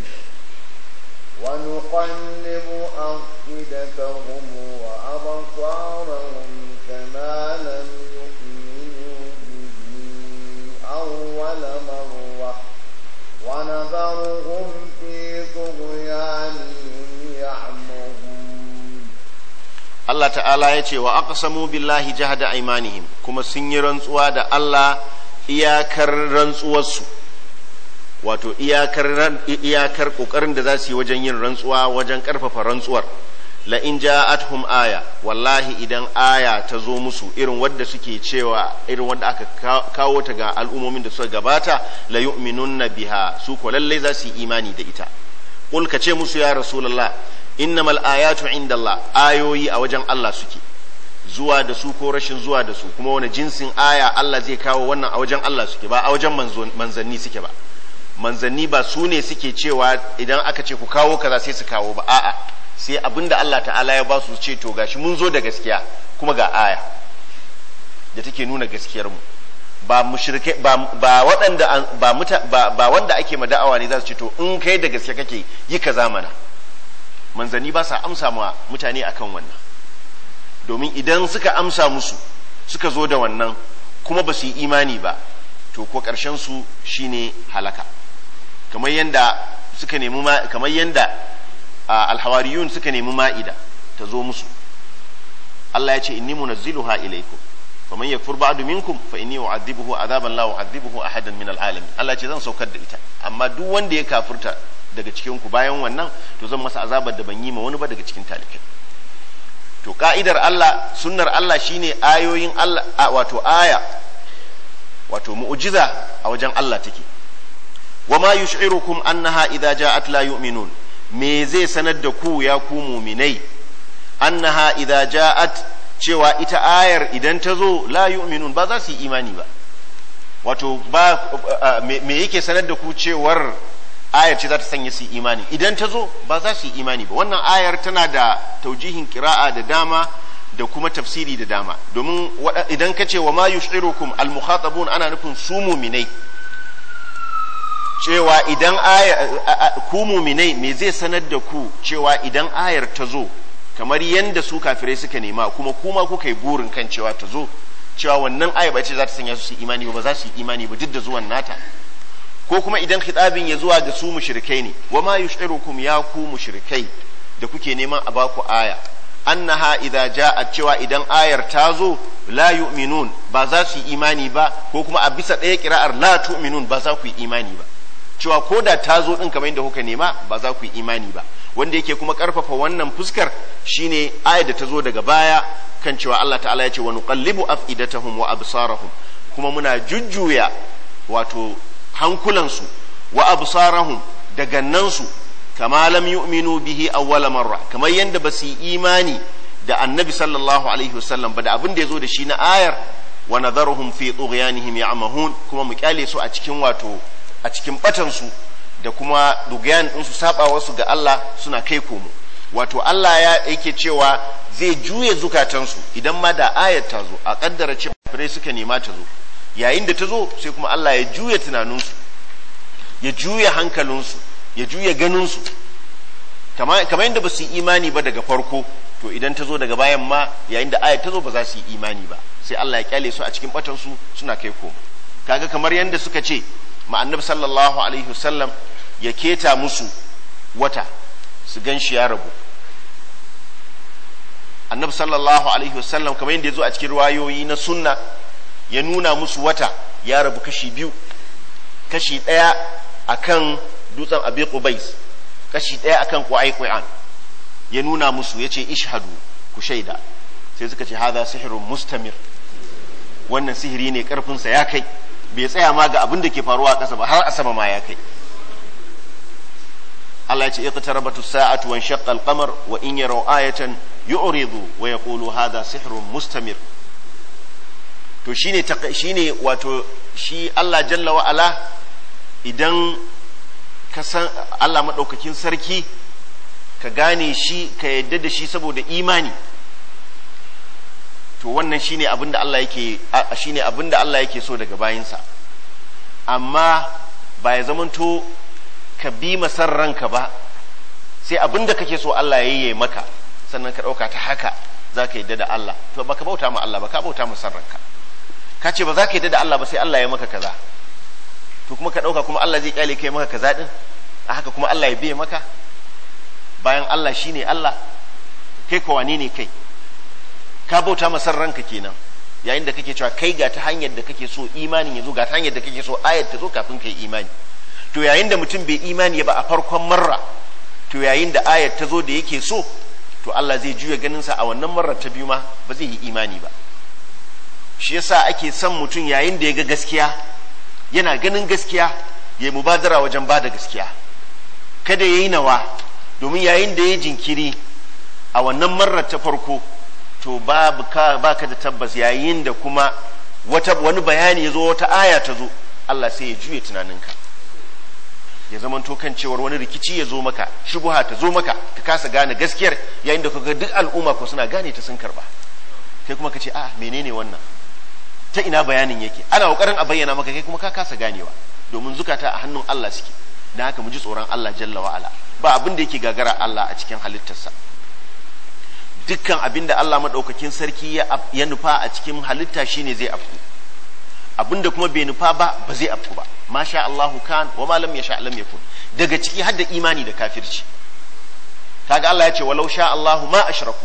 ونقلب أفئدتهم وأبصارهم كما لم يؤمنوا به أول مرة ونذرهم في طغيانهم Allah ta'ala ya ce wa aqsamu billahi jahada aimanihim kuma sun yi rantsuwa da Allah iyakar rantsuwarsu wato iyakar iyakar kokarin da za su yi wajen yin rantsuwa wajen karfafa rantsuwar la in ja'atuhum aya wallahi idan aya ta zo musu irin wadda suke cewa irin wadda aka kawo ta ga al'ummomin da suka gabata la yu'minunna biha su ko lalle za su yi imani da ita qul ka ce musu ya rasulullah inna mal ayatu Allah ayoyi a wajen Allah suke zuwa da su ko rashin zuwa da su kuma wani jinsin aya Allah zai kawo wannan a wajen Allah suke ba a wajen manzanni suke ba manzanni ba su ne suke cewa idan aka ce ku kawo kaza sai su kawo ba a'a sai abinda Allah ta'ala ya ba su ce to gashi mun zo da gaskiya kuma ga aya da take nuna gaskiyar mu ba mushrike ba ba waɗanda ba, ba, wanda ake mada'awa ne za su ce to in kai da gaske kake yi kaza mana manzanni ba sa amsa ma mutane akan wannan domin idan suka amsa musu suka zo da wannan kuma ba su yi imani ba to ko ƙarshen su shine halaka kamar yanda suka nemi kamar yanda alhawariyun suka nemi ma'ida ta zo musu Allah ya ce inni munazziluha ilaikum faman yakfur ba'du minkum fa inni u'adhibuhu adaban la u'adhibuhu ahadan min alalamin Allah ya ce zan saukar da ita amma duk wanda ya kafurta daga cikin ku bayan wannan to zan masa azabar da ban yi ma wani ba daga cikin talibai to ka'idar Allah sunnar Allah shine ayoyin Allah wato aya wato mu'jiza a wajen Allah take wa ma yush'irukum annaha idza ja'at la yu'minun me zai sanar da ku ya ku muminai annaha idza ja'at cewa ita ayar idan ta zo la yu'minun ba za su yi imani ba wato ba me yake sanar da ku cewar ayar ce za ta sanya su imani idan ta zo ba za su yi imani ba wannan ayar tana da taujihin kira'a da dama da kuma tafsiri da dama domin idan ka ce wa ma yushirukum al ana nufin su muminai cewa idan ku muminai me zai sanar da ku cewa idan ayar ta zo kamar yadda su kafirai suka nema kuma kuma kuka yi burin kan cewa ta zo cewa wannan ayar ba ce za ta sanya su imani ba za su yi imani ba duk da zuwan nata ko kuma idan khitabin ya zuwa ga su mushrikai ne wa ma yushirukum ya ku mushrikai da kuke neman a baku aya annaha idza ja'at cewa idan ayar ta zo la yu'minun ba za su yi imani ba ko kuma a bisa ɗaya kira'ar la tu'minun ba za ku yi imani ba cewa ko da ta zo din kamar yadda kuka nema ba za ku yi imani ba wanda yake kuma karfafa wannan fuskar shine ayar da ta zo daga baya kan cewa Allah ta'ala ya ce wa nuqallibu af'idatahum wa absarahum kuma muna jujjuya wato hankulansu wa absarahum da gannansu kama lam yu'minu bihi awwala marra kamar yanda ba su imani da annabi sallallahu alaihi wasallam ba da abin da ya zo da shi na ayar wa nadharuhum fi tughyanihim ya'mahun kuma mu kyale su a cikin wato a cikin batan su da kuma dugyan din su saba wasu ga Allah suna kai komo wato Allah ya yake cewa zai juye zukatansu idan ma da ayar ta zo a kaddara cewa fure suka nema ta zo yayin da ta zo sai kuma Allah ya juya tunaninsu ya juya hankalinsu ya juya ganinsu kamar yadda ba su yi imani ba daga farko to idan ta zo daga bayan ma yayin da ayat ta zo ba za su yi imani ba sai Allah ya kyale su a cikin batansu suna kai koma. kaga kamar yadda suka ce ma annabi sallallahu alaihi wasallam ya keta musu wata su gan shi ya rabu annabi sallallahu alaihi wasallam kamar yadda ya zo a cikin ruwayoyi na sunna ya nuna musu wata ya rabu kashi biyu kashi ɗaya a kan dutsen abi kashi ɗaya a kan ƙwa'ai ƙwa'an ya nuna musu ya ce ishadu ku shaida sai suka ce haza sihirin mustamir wannan sihiri ne ƙarfinsa ya kai bai tsaya ma ga abin da ke faruwa a ƙasa ba har a sama ma ya kai Allah ya ce iqtarabatu sa'atu wa shaqqa al-qamar wa in yaraw ayatan yu'ridu wa yaqulu hadha sihrun mustamir to shi ne wato shi Allah jalla wa'ala idan ka san Allah maɗaukakin sarki ka gane shi ka yadda da shi saboda imani to wannan shi ne abinda Allah yake shi ne abinda Allah yake so daga bayinsa amma ba ya zamanto ka bi masar ranka ba sai abinda kake so Allah ya yi maka sannan ka ɗauka ta haka za ka yadda da Allah to ba ka bauta ma Allah ba ka bauta masar ranka ka ce ba za ka yi da Allah ba sai Allah ya maka kaza to kuma ka ɗauka kuma Allah zai kyale kai maka kaza din a haka kuma Allah ya biye maka bayan Allah shine Allah kai ko wani ne kai ka bauta masar ranka kenan yayin da kake cewa kai ga ta hanyar da kake so imanin ya zo ga ta hanyar da kake so ayat ta zo kafin kai imani to yayin da mutum bai imani ba a farkon marra to yayin da ayat ta zo da yake so to Allah zai juya ganin sa a wannan marra ta biyu ma ba zai yi imani ba shi yasa ake son mutum yayin da ya ga gaskiya yana ganin gaskiya ya yi mubadara wajen ba da gaskiya kada ya yi nawa domin yayin da ya jinkiri a wannan marar ta farko to ba ka da tabbas yayin da kuma wata wani bayani ya zo wata aya ta zo Allah sai ya juye tunaninka ya zamanto kan cewar wani rikici ya zo maka shubuha ta zo maka ka kasa gane gaskiyar yayin da kaga duk al'umma ko suna gane ta sun karba kai kuma ka ce a ah, menene wannan ta ina bayanin yake ana kokarin a bayyana maka kai kuma ka kasa ganewa domin zukata a hannun Allah suke dan haka mu ji tsoron Allah jalla wa ala ba abin da yake gagara Allah a cikin halittarsa dukkan abin da Allah madaukakin sarki ya nufa a cikin halitta shine zai afku abin da kuma bai nufa ba ba zai afku ba masha Allahu kan wa ma lam yasha lam yakun daga ciki har da imani da kafirci kaga Allah ya ce walau sha Allahu ma ashraku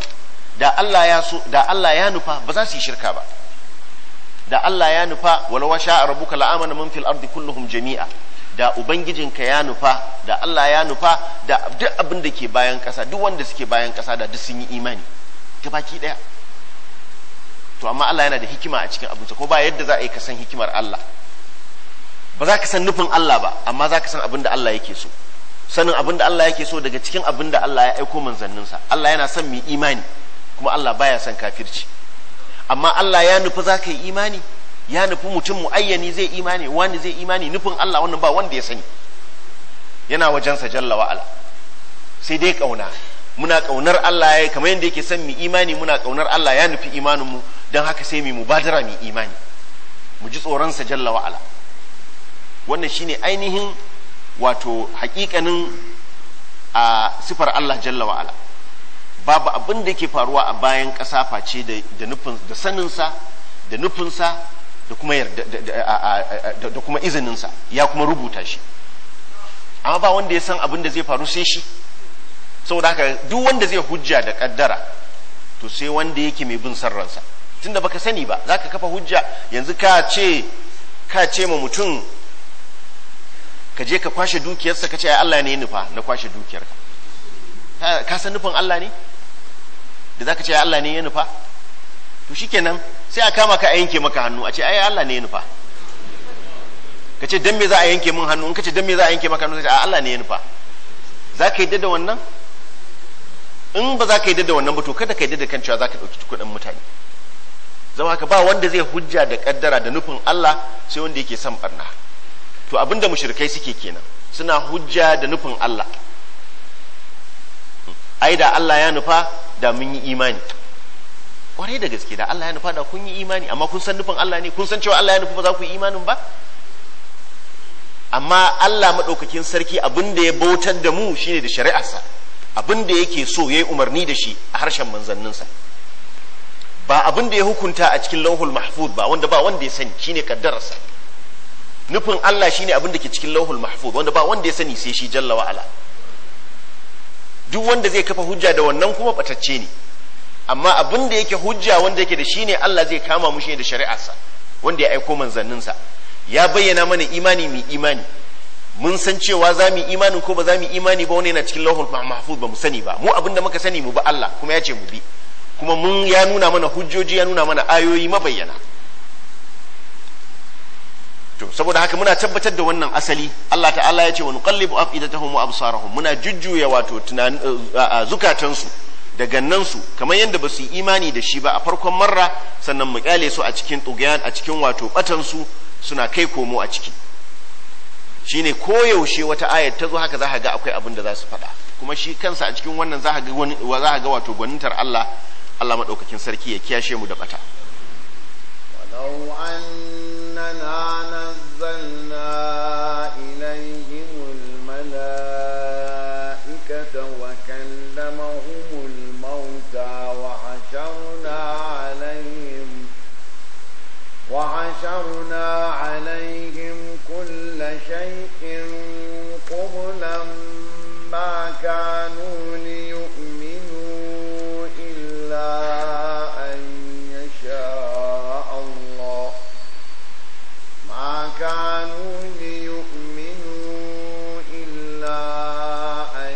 da Allah ya so da Allah ya nufa ba za su yi shirka ba da Allah ya nufa wa sha rabbuka la'amana man fil ardi kulluhum jami'a da ubangijinka ya nufa da Allah ya nufa da duk abin da ke bayan kasa duk wanda suke bayan kasa da duk sun yi imani ta baki daya to amma Allah yana da hikima a cikin abinsa ko ba yadda za a yi ka san hikimar Allah ba za ka san nufin Allah ba amma za ka san abin da Allah yake so sanin abin da Allah yake so daga cikin abin da Allah ya aiko manzanninsa Allah yana son mu imani kuma Allah baya son kafirci amma Allah ya nufi za ka yi imani ya nufi mutum muayyani zai imani wani zai imani nufin Allah wannan ba wanda ya sani yana wajensa jalla wa'ala sai dai kauna muna kaunar Allah ya kamar yadda yake son mu imani muna kaunar Allah ya nufi imanin mu don haka sai mu mubadara mu imani mu ji tsoron sa jalla wa'ala wannan shine ainihin wato hakikanin a sifar Allah jalla wa'ala babu abin da yake faruwa a bayan ƙasa face da nufin da saninsa da nufinsa da kuma da kuma izininsa ya kuma rubuta shi amma ba wanda ya san abin da zai faru sai shi saboda haka duk wanda zai hujja da kaddara to sai wanda yake mai bin san ransa tunda baka sani ba za ka kafa hujja yanzu ka ce ka ce ma mutum ka je ka kwashe dukiyarsa ka ce ai Allah ne ya nufa na kwashe dukiyarka ka san nufin Allah ne da zaka ce Allah ne ya nufa to shikenan sai a kama ka a yanke maka hannu a ce ai Allah ne ya nufa ka ce dan me za a yanke min hannu in ka ce dan me za a yanke maka hannu sai a Allah ne ya nufa za ka yadda da wannan in ba za ka yadda da wannan ba to kada ka yadda da kan cewa za ka ɗauki kuɗin mutane zama haka ba wanda zai hujja da kaddara da nufin Allah sai wanda yake son barna to abinda mushrikai suke kenan suna hujja da nufin Allah ai da Allah ya nufa da mun yi imani kwarai da gaske da Allah ya nufa da kun yi imani amma kun san nufin Allah ne kun san cewa Allah ya nufa ba za ku yi imanin ba amma Allah maɗaukakin sarki abin da ya bautar da mu shine da shari'arsa abin da yake so ya yi umarni da shi a harshen manzanninsa ba abin da ya hukunta a cikin lauhul mahfuz ba wanda ba wanda ya sani shine kaddararsa nufin Allah shine abin da ke cikin lauhul mahfuz wanda ba wanda ya sani sai shi jalla wa'ala duk wanda zai kafa hujja da wannan kuma batacce ne amma abin da yake hujja wanda yake da shi ne Allah zai kama mu shi da shari'arsa wanda ya aiko manzanninsa ya bayyana mana imani mai imani mun san cewa za mu imanin ko ba za mu imani ba wani yana cikin lauhul mahfuz ba mu sani ba mu abinda muka sani mu ba Allah kuma ya ce mu bi kuma mun ya nuna mana hujjoji ya nuna mana ayoyi mabayyana to saboda haka muna tabbatar da wannan asali Allah ta'ala ya ce wa nuqallibu afidatahum wa absarahum muna jujjuya wato tunanin zukatansu da su kamar yadda ba su yi imani da shi ba a farkon marra sannan mu kyale su a cikin tugyan a cikin wato batan su suna kai komo a ciki shine koyaushe wata ayat ta zo haka za ga akwai abin da za su faɗa kuma shi kansa a cikin wannan za ga wani za ga wato gwanintar Allah Allah madaukakin sarki ya kiyashe mu da bata إننا نزلنا إليهم الملائكة وكلمهم الموتى وحشرنا عليهم وحشرنا عليهم كل شيء قبلا ما كانوا لي كانوا ليؤمنوا إلا أن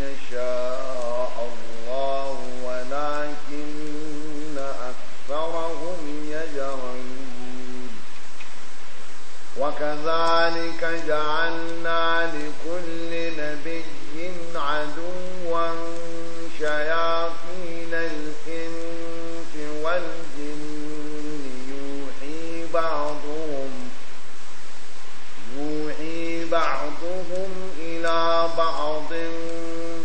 يشاء الله ولكن أكثرهم يجهلون وكذلك جعلنا لكل نبي عدوا شياطين إلى بعض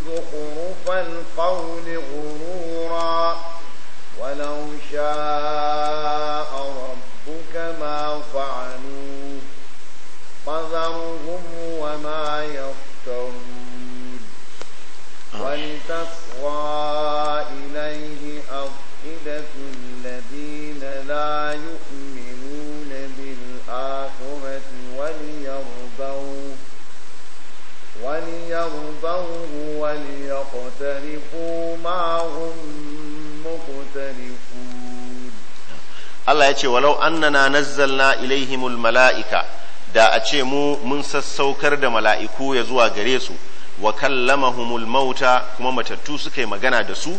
زخرف القول غرورا ولو شاء ربك ما فعلوه فذرهم وما يفترون ولتصغى إليه أفئدة الذين لا يؤمنون بالآخرة وليرضوه وليرضوه وليقترفوا ما هم مقترفون الله يقول ولو أننا نزلنا إليهم da a ce mu mun sassaukar da mala'iku ya zuwa gare su wa humul mauta kuma matattu suka yi magana da su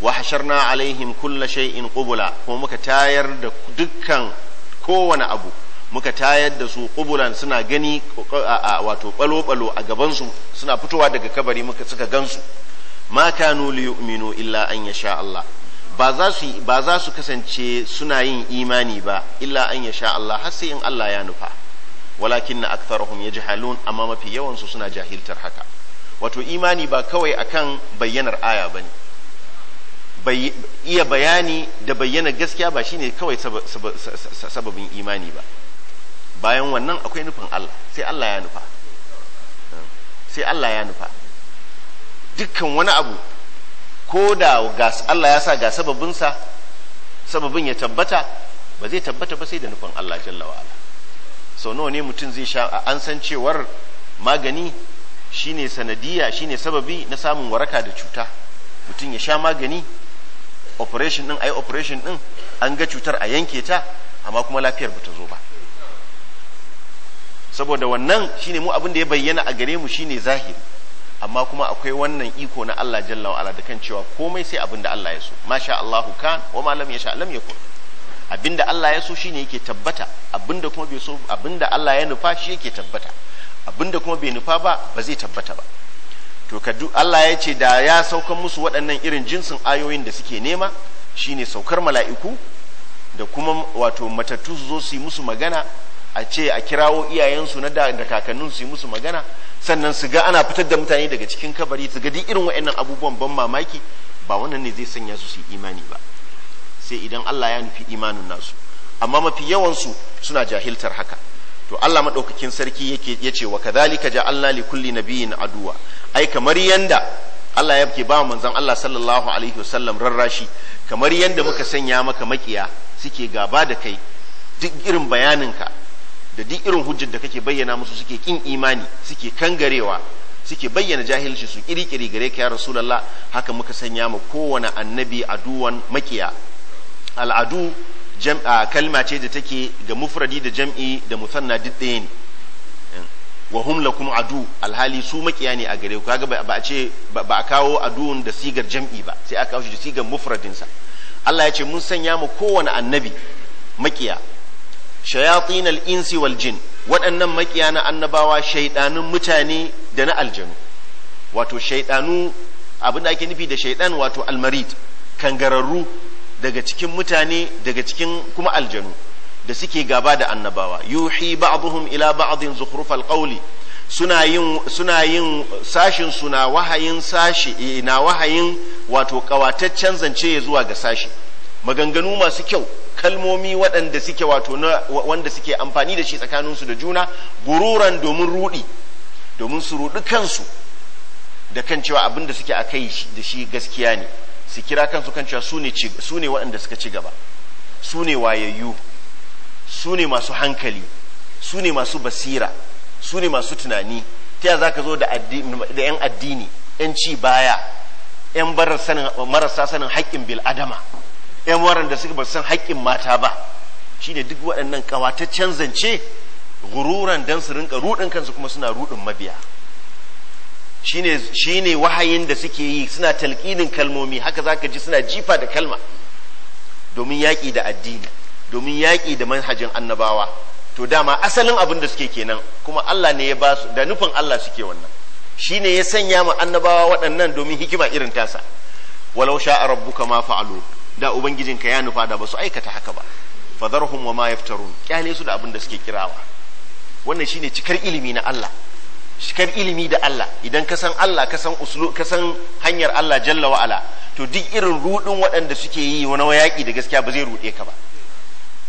wa hasharna alaihim kulla shai'in ƙubula kuma muka tayar da dukkan kowane abu muka tayar da su kuburan suna gani wato balo-balo a gabansu suna fitowa daga kabari muka suka gansu ma kanu li yu'minu illa an yasha Allah ba za su kasance suna yin imani ba illa an yasha Allah har sai in Allah ya nufa walakin na aktharuhum yajhalun amma mafi yawan su suna jahiltar haka wato imani ba kawai akan bayyanar aya bane iya bayani da bayyana gaskiya ba shine kawai sababin imani ba bayan wannan akwai nufin Allah sai Allah ya nufa sai Allah ya nufa dukkan wani abu ko da Allah ya sa ga sababinsa sababin ya tabbata ba zai tabbata ba sai da nufin Allah jalla wa Ala sau nawa ne mutum zai sha an san cewar magani shine sanadiya shine sababi na samun waraka da cuta mutum ya sha magani operation din ai operation din an ga cutar a yanke ta amma kuma lafiyar ba ta zo ba saboda wannan shine mu abin da ya bayyana a gare mu shine zahiri amma kuma akwai wannan iko na Allah jalla wa ala da kan cewa komai sai abin da Allah ya so masha Allahu kan wa ma lam yasha lam yakun abinda Allah ya so shine yake tabbata abinda kuma bai so da Allah ya nufa shi yake tabbata abinda kuma bai nufa ba ba zai tabbata ba to ka Allah ya ce da ya saukar musu waɗannan irin jinsin ayoyin da suke nema shine saukar mala'iku da kuma wato matattu su zo su yi musu magana a ce a kirawo iyayensu na da kakannin su yi musu magana sannan su ga ana fitar da mutane daga cikin kabari su ga duk irin waɗannan abubuwan ban mamaki ba wannan ne zai sanya su su imani ba sai idan Allah ya nufi imanin nasu amma mafi yawansu suna jahiltar haka to Allah madaukakin sarki yake ce wa kadhalika ja'alna li kulli nabiyyin aduwa ai kamar yanda Allah ya ke ba manzon Allah sallallahu alaihi wasallam rarrashi kamar yanda muka sanya maka makiya suke gaba da kai duk irin bayaninka da duk irin hujjar da kake bayyana musu suke kin imani suke kangarewa suke bayyana jahilci su kiri-kiri gare ka ya rasulallah haka muka sanya mu kowane annabi aduwan makiya al'adu kalma ce da take ga mufradi da jam'i da musanna duk ɗaya ne wa hum lakum adu alhali su makiya ne a gare ku kaga ba a ce ba a kawo aduun da sigar jam'i ba sai aka kawo shi da sigar mufradinsa Allah ya ce mun sanya mu kowane annabi makiya shayatin al-insi wal jin waɗannan makiya na annabawa shaidanun mutane da na aljanu wato shaiɗanu abin da ake nufi da shaiɗan wato almarid kangararru daga cikin mutane daga cikin kuma aljanu da suke gaba da annabawa yuhi ba'dhum ila ba'dhin zukhrufal qawli suna yin suna yin sashin suna wahayin sashi eh, na wahayin wato kawataccen zance zuwa ga sashi maganganu masu kyau kalmomi waɗanda suke wato na wanda suke amfani da shi tsakaninsu da juna gururan domin rudi domin su rudi kansu da kan cewa abin da suke a kai da shi gaskiya ne su kira kansu kan cewa su ne waɗanda suka ci gaba su ne wayayyu su ne masu hankali su ne masu basira su ne masu tunani ta yaya za zo da 'yan addini 'yan ci baya 'yan marasa sanin haƙƙin bil'adama yan waran da suka ba san haƙƙin mata ba shine duk waɗannan ƙawataccen zance gururan dan su rinka ruɗin kansu kuma suna ruɗin mabiya shine shine wahayin da suke yi suna talƙinin kalmomi haka zaka ji suna jifa da kalma domin yaƙi da addini domin yaƙi da manhajin annabawa to dama asalin abin da suke kenan kuma Allah ne ya ba su da nufin Allah suke wannan shi ne ya sanya mu annabawa waɗannan domin hikima irin tasa walau sha'a rabbuka ma fa'alu da ubangijinka ya nufa da ba su aikata haka ba fadarhum wa ma yaftarun kyale su da abin da suke kirawa wannan shine cikar ilimi na Allah cikar ilimi da Allah idan ka san Allah ka san uslu ka san hanyar Allah jalla wa ala to duk irin rudin waɗanda suke yi wani wayaki da gaskiya ba zai rude ka ba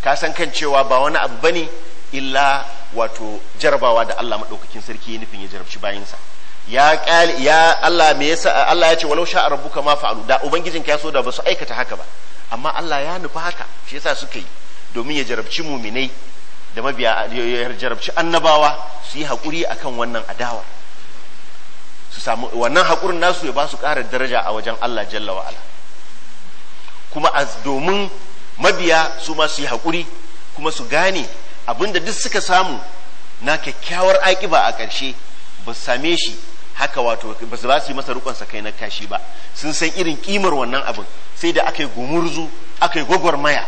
ka san kan cewa ba wani abu bane illa wato jarabawa da Allah madaukakin sarki ya nufin ya jarabci bayinsa ya ya Allah me yasa Allah ya ce walau sha rabbuka ma fa'alu da ubangijin ya so da basu aikata haka ba amma Allah ya nufa haka shi yasa suka yi domin ya jarabci muminai da mabiya ya jarabci annabawa su yi hakuri akan wannan adawa su samu wannan hakurin nasu ya ba su ƙara daraja a wajen Allah jalla wa ala kuma domin mabiya su ma su yi hakuri kuma su gane abinda duk suka samu na kyakkyawar aƙiba a ƙarshe ba same shi haka wato ba su yi masa rukon sa kai na kashi ba sun san irin kimar wannan abin sai da aka yi gumurzu aka yi gwagwarmaya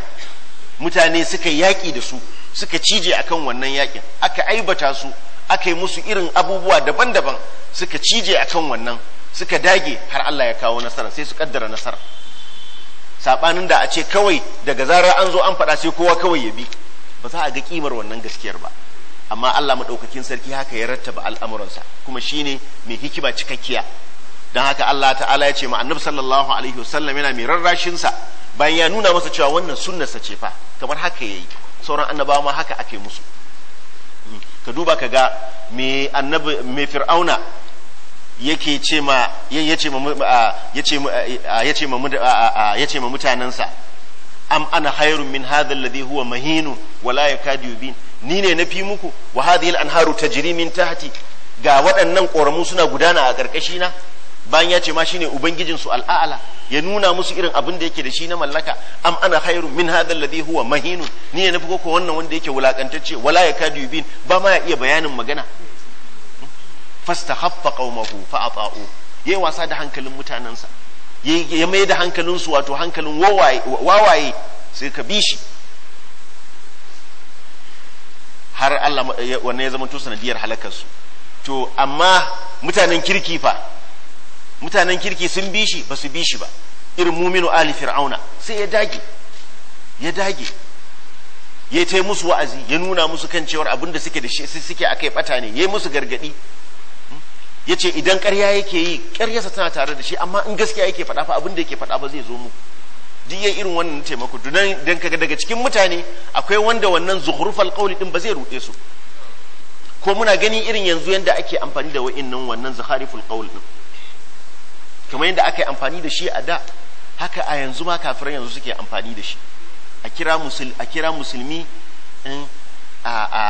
mutane suka yaki da su suka cije akan wannan yaƙin aka aibata su aka yi musu irin abubuwa daban-daban suka cije akan wannan suka dage har Allah ya kawo nasara sai su kaddara nasara sabanin da a ce kawai daga zarar an zo an faɗa sai kowa kawai ya bi ba za a ga kimar wannan gaskiyar ba amma Allah maɗaukakin sarki haka ya rattaba al'amuransa kuma shi ne mai hikima cikakkiya don haka Allah ta'ala ya ce ma annabi sallallahu alaihi wasallam yana mai rarrashinsa bayan ya nuna masa cewa wannan sunnarsa ce fa kamar haka yayi sauran annabawa ma haka ake musu hmm. ka duba ka ga me fir'auna yake ce ma yace ma yace ma yace ma ma mutanansa am ana khairun min hadha alladhi huwa mahinu wala yakadu yubin ni ne na fi muku wa hadhihi al-anharu tajri min tahti ga waɗannan ƙoramu suna gudana a ƙarƙashi na bayan ya ce ma shine ubangijin su al'ala ya nuna musu irin abin da yake da shi na mallaka am ana khairu min hadha alladhi huwa mahinu ni ne na fi koko wannan wanda yake wulakantacce wala ya kadu yubin ba ma ya iya bayanin magana fastahaffa qaumahu fa ata'u yayi wasa da hankalin mutanansa ya mai da hankalinsu wato hankalin wawaye sai ka bi shi har Allah wannan ya zama to sanadiyar halakarsu to amma mutanen kirki fa mutanen kirki sun bi shi ba su bi shi ba irin muminu ali fir'auna sai ya dage ya dage ya tai musu wa'azi ya nuna musu kan cewar abin da suke da shi suke akai bata ne yayi musu gargadi ya ce idan ƙarya yake yi ƙaryarsa tana tare da shi amma in gaskiya yake faɗa fa abin da yake faɗa ba zai zo muku duk yayi irin wannan taimako dan dan kaga daga cikin mutane akwai wanda wannan zukhrufal qawli din ba zai rute su ko muna gani irin yanzu yanda ake amfani da wa'innan wannan zuhariful qawl din kamar yanda aka yi amfani da shi a da haka a yanzu ma kafiran yanzu suke amfani da shi a kira musul a kira musulmi in eh, a a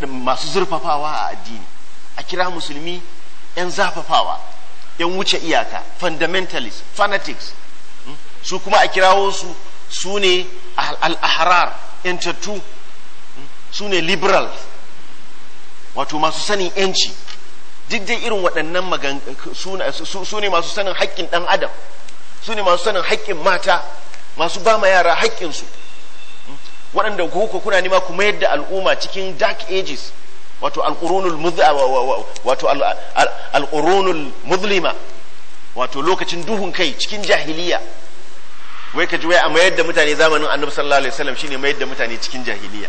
a masu zurfafawa a addini a kira musulmi yan zafafawa yan wuce iyaka fundamentalist fanatics su kuma a kirawo su su ne al'ahrar ahrar hmm, su ne liberal wato masu sanin yanci duk dai irin waɗannan magan su ne masu sanin haƙƙin ɗan adam su ne masu sanin haƙƙin mata masu ba ma yara haƙƙinsu hmm, waɗanda kuka kuna nema ku mayar da al'umma cikin dark ages wato al'urunul muzlima wato lokacin duhun kai cikin jahiliya wai ka ji wai a mayar da mutane zamanin annabi sallallahu alaihi wasallam shine mayar da mutane cikin jahiliya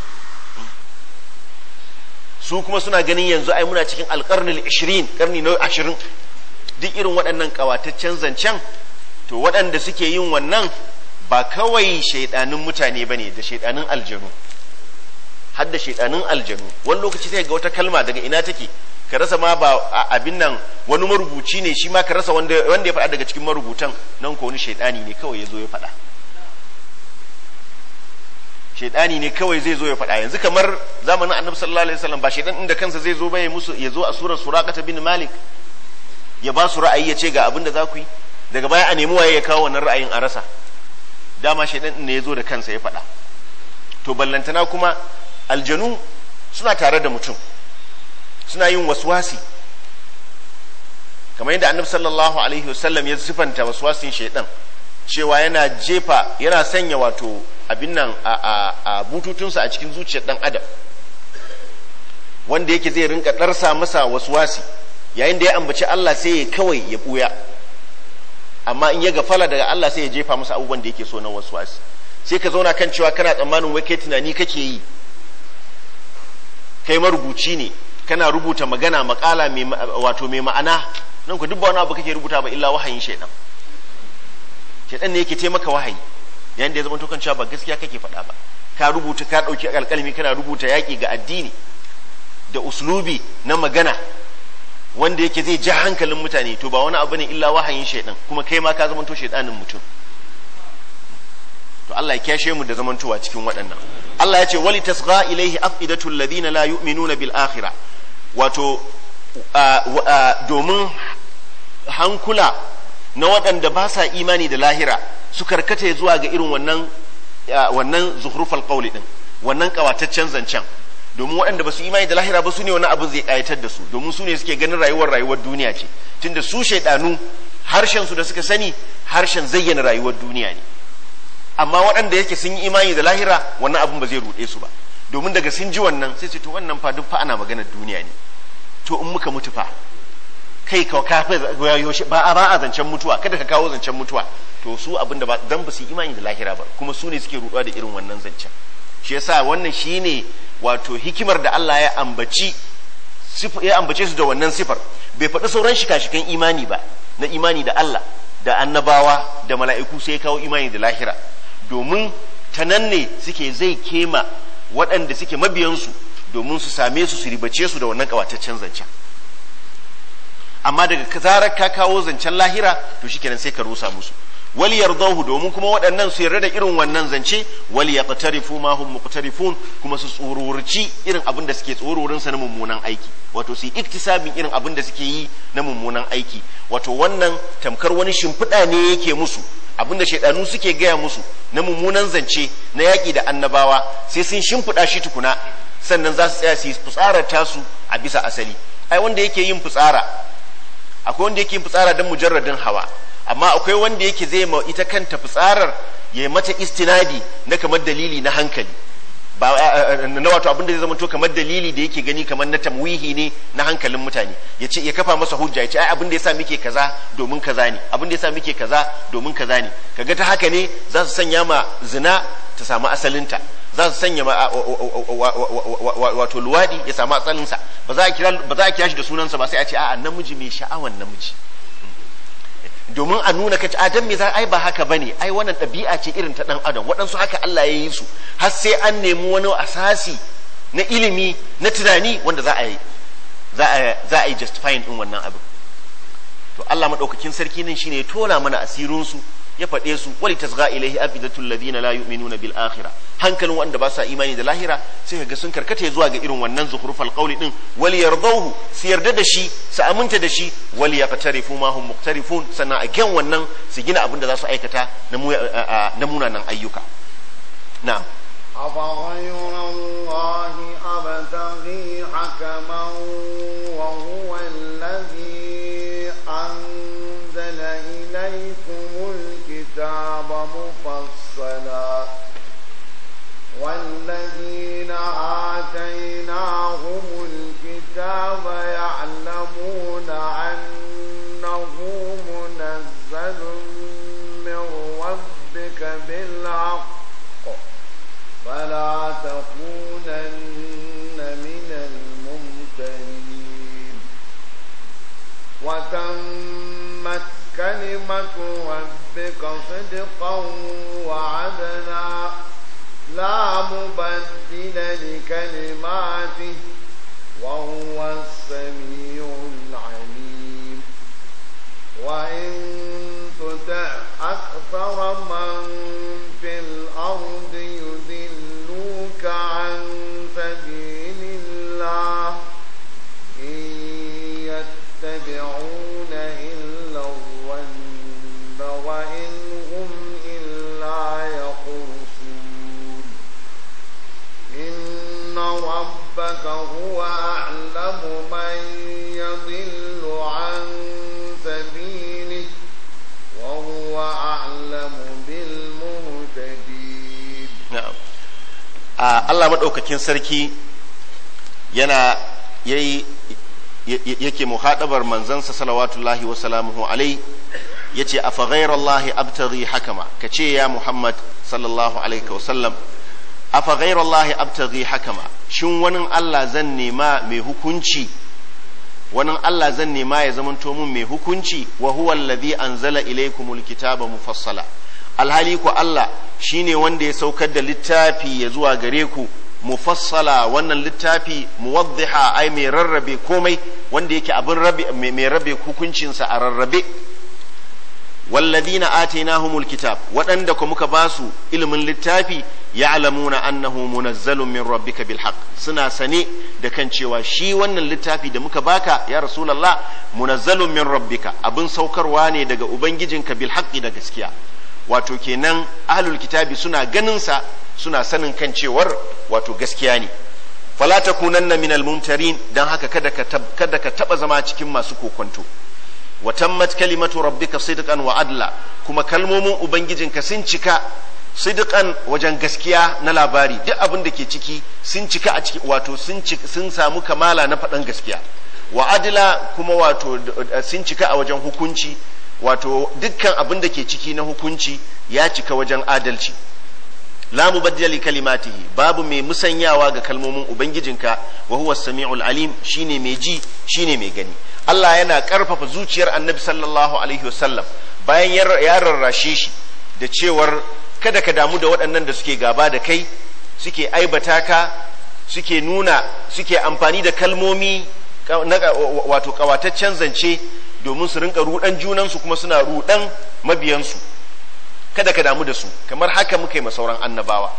su kuma suna ganin yanzu ai muna cikin alƙarnil 20 karni na 20 duk irin waɗannan ƙawataccen zancen to waɗanda suke yin wannan ba kawai shaidanin mutane ba ne da shaidanin aljanu har da aljanu wani lokaci sai ga wata kalma daga ina take ka rasa ma ba abin nan wani marubuci ne shi ma ka rasa wanda ya faɗa daga cikin marubutan nan ko wani shaidani ne kawai ya zo ya faɗa shaidani ne kawai zai zo ya faɗa yanzu kamar zamanin annabi sallallahu alaihi wasallam ba shaidan inda kansa zai zo ba ya musu ya zo a surar suraqata bin malik ya ba su ra'ayi ya ce ga abin da za ku yi daga baya a nemi waye ya kawo wannan ra'ayin a rasa dama shaidan ne ya zo da kansa ya faɗa to ballantana kuma aljanu suna tare da mutum suna yin waswasi kamar yadda annabi sallallahu alaihi wasallam ya sifanta waswasin shaidan cewa yana jefa yana sanya wato abin nan a bututunsa a cikin zuciyar dan adam wanda yake zai rinka ɗarsa masa waswasi yayin da ya ambaci Allah sai ya kawai ya buya amma in ya gafala daga Allah sai ya jefa masa abubuwan da yake so na waswasi sai ka zauna kan cewa kana tsammanin wai kai tunani kake yi kai marubuci ne kana rubuta magana makala wato mai ma'ana nan ku duk wani abu kake rubuta ba illa wahayin shaidan shaidan ne yake taimaka wahayi yayin da ya zama tokan cewa ba gaskiya kake faɗa ba ka rubuta ka ɗauki alƙalmi kana rubuta yaƙi ga addini da uslubi na magana wanda yake zai ja hankalin mutane to ba wani abu ne illa wahayin shaidan kuma kai ma ka to shaidanin mutum to Allah ya kyashe mu da zamantowa cikin waɗannan Allah ya ce wali tasgha ilaihi afidatul ladina la yu'minuna bil akhirah wato domin hankula na waɗanda ba sa imani da lahira su karkata zuwa ga irin wannan wannan zuhrufal qawli din wannan kawataccen zancen domin waɗanda ba su imani da lahira ba su ne wani abin zai ƙayatar da su domin su ne suke ganin rayuwar rayuwar duniya ce tunda su shaidanu harshen su da suka sani harshen zayyana rayuwar duniya ne amma waɗanda yake sun yi imani da lahira wannan abin ba zai ruɗe su ba domin daga sun ji wannan sai su to wannan fa duk fa ana maganar duniya ne to in muka mutu fa kai ka kafir ba a ba a zancen mutuwa kada ka kawo zancen mutuwa to su abin da ba dan ba su imani da lahira ba kuma su ne suke ruɗuwa da irin wannan zancen shi yasa wannan shine wato hikimar da Allah ya ambaci ya ambace su da wannan sifar bai faɗi sauran shika-shikan imani ba na imani da Allah da annabawa da mala'iku sai kawo imani da lahira domin ta nan ne suke zai kema waɗanda suke mabiyansu domin su same su su ribace su da wannan kawataccen zancen amma daga zarar ka kawo zancen lahira to shikenan sai ka rusa musu waliyar yardahu domin kuma waɗannan su yarda da irin wannan zance wali yaqtarifu ma hum muqtarifun kuma su tsururci irin abin da suke tsururin sa na mummunan aiki wato su iktisabin irin abin da suke yi na mummunan aiki wato wannan tamkar wani shimfiɗa ne yake musu abin da shaidanu suke gaya musu na mummunan zance na yaƙi da annabawa sai sun shimfiɗa shi tukuna sannan za su tsaya su yi fitsarar tasu a bisa asali ai wanda yake yin fitsara akwai wanda yake yin fitsara don mujarradin hawa amma akwai wanda yake zai ma ita kanta fitsarar ya yi mata istinadi na kamar dalili na hankali ba na wato abinda zai zamanto kamar dalili da yake gani kamar na tamwihi ne na hankalin mutane ya ce ya kafa masa hujja ya ce ai abinda sa muke kaza domin kaza ne abinda sa muke kaza domin kaza ne kaga ta haka ne za su sanya ma zina ta samu asalinta za su sanya wato luwadi ya samu atsalinsa ba za a kira shi da sunansa ba sai a ce a'a namiji mai sha'awan namiji domin a nuna kaci adam me za ai ba haka bane ai wannan ɗabi'a ce irin ta ɗan adam waɗansu haka Allah ya yi su har sai an nemi wani asasi na ilimi na tunani wanda za a yi za a yi justifying ɗin wannan abin to Allah maɗaukakin sarki nan shine ya tona mana asirinsu ya faɗe su wali tasgha ilaihi afidatul ladina la yu'minuna bil akhirah hankalin wanda ba sa imani da lahira sai kaga sun karkata zuwa ga irin wannan zukhrufal qawli din wali yardahu su yarda da shi su aminta da shi wali yaqtarifu ma hum muqtarifun sannan a wannan su gina abin da za su aikata na munanan ayyuka na'am أفغير الله أبتغي حكما وهو الذي أنزل إليك الكتاب مفصلا والذين آتيناهم الكتاب يعلمون أنه منزل من ربك بالحق فلا تكونن من الممتنين وتمت كلمة ربك ربك صدقا وعدلا لا مبدل لكلماته وهو السميع العليم وإن تدع أكثر من في الأرض يذلوك عن سبيل الله إن يتبعون ربك هو أعلم من يضل عن سبيله وهو أعلم بالمهتدين نعم الله مدعوككين سركي yana yayi yake muhadabar manzansa salawatullahi wa salamuhu ce a afa ghayrallahi abtaghi hakama ka ce ya muhammad sallallahu alaihi wa sallam afa ghairallahi abtaghi hakama shin wani Allah zan nema mai hukunci wani Allah zan nema ya zamanto mun mai hukunci wa huwa alladhi anzala ilaykumul kitaba mufassala alhali ku Allah shine wanda ya saukar da littafi ya zuwa gare ku mufassala wannan littafi muwaddiha ai mai rarrabe komai wanda yake abin rabe mai rabe hukuncinsa a rarrabe walladhina atainahumul kitab waɗanda ku muka basu ilimin littafi ya'lamuna annahu munazzalun min rabbika bil haqq suna sane da kan cewa shi wannan littafi da muka baka ya rasulullah munazzalun min rabbika abin saukarwa ne daga ubangijinka bil haqqi da gaskiya wato kenan ahlul kitabi suna ganin sa suna sanin kan cewar wato gaskiya ne fala takunanna minal mumtarin dan haka kada ka kada ka taba zama cikin masu kokonto wa tammat kalimatu rabbika sidqan wa adla kuma kalmomin ubangijinka sun cika sidikan wajen gaskiya na labari duk abin da ke ciki sun cika a ciki wato sun samu kamala na faɗan gaskiya wa adila kuma wato eh, sun cika a wajen hukunci wato dukkan abin da ke ciki na hukunci ya cika wajen adalci la mubaddali kalimatihi babu mai musanyawa ga kalmomin ubangijinka wa huwa samiul alim shine mai ji shine mai gani Allah yana karfafa zuciyar annabi sallallahu alaihi wasallam bayan ya rarrashe shi da cewar kada ka damu da waɗannan da suke gaba da kai suke aibata ka suke nuna suke amfani da kalmomi wato kawataccen zance domin su rinka rudan junansu kuma suna rudan mabiyansu kada ka damu da su kamar haka muka yi ma sauran annabawa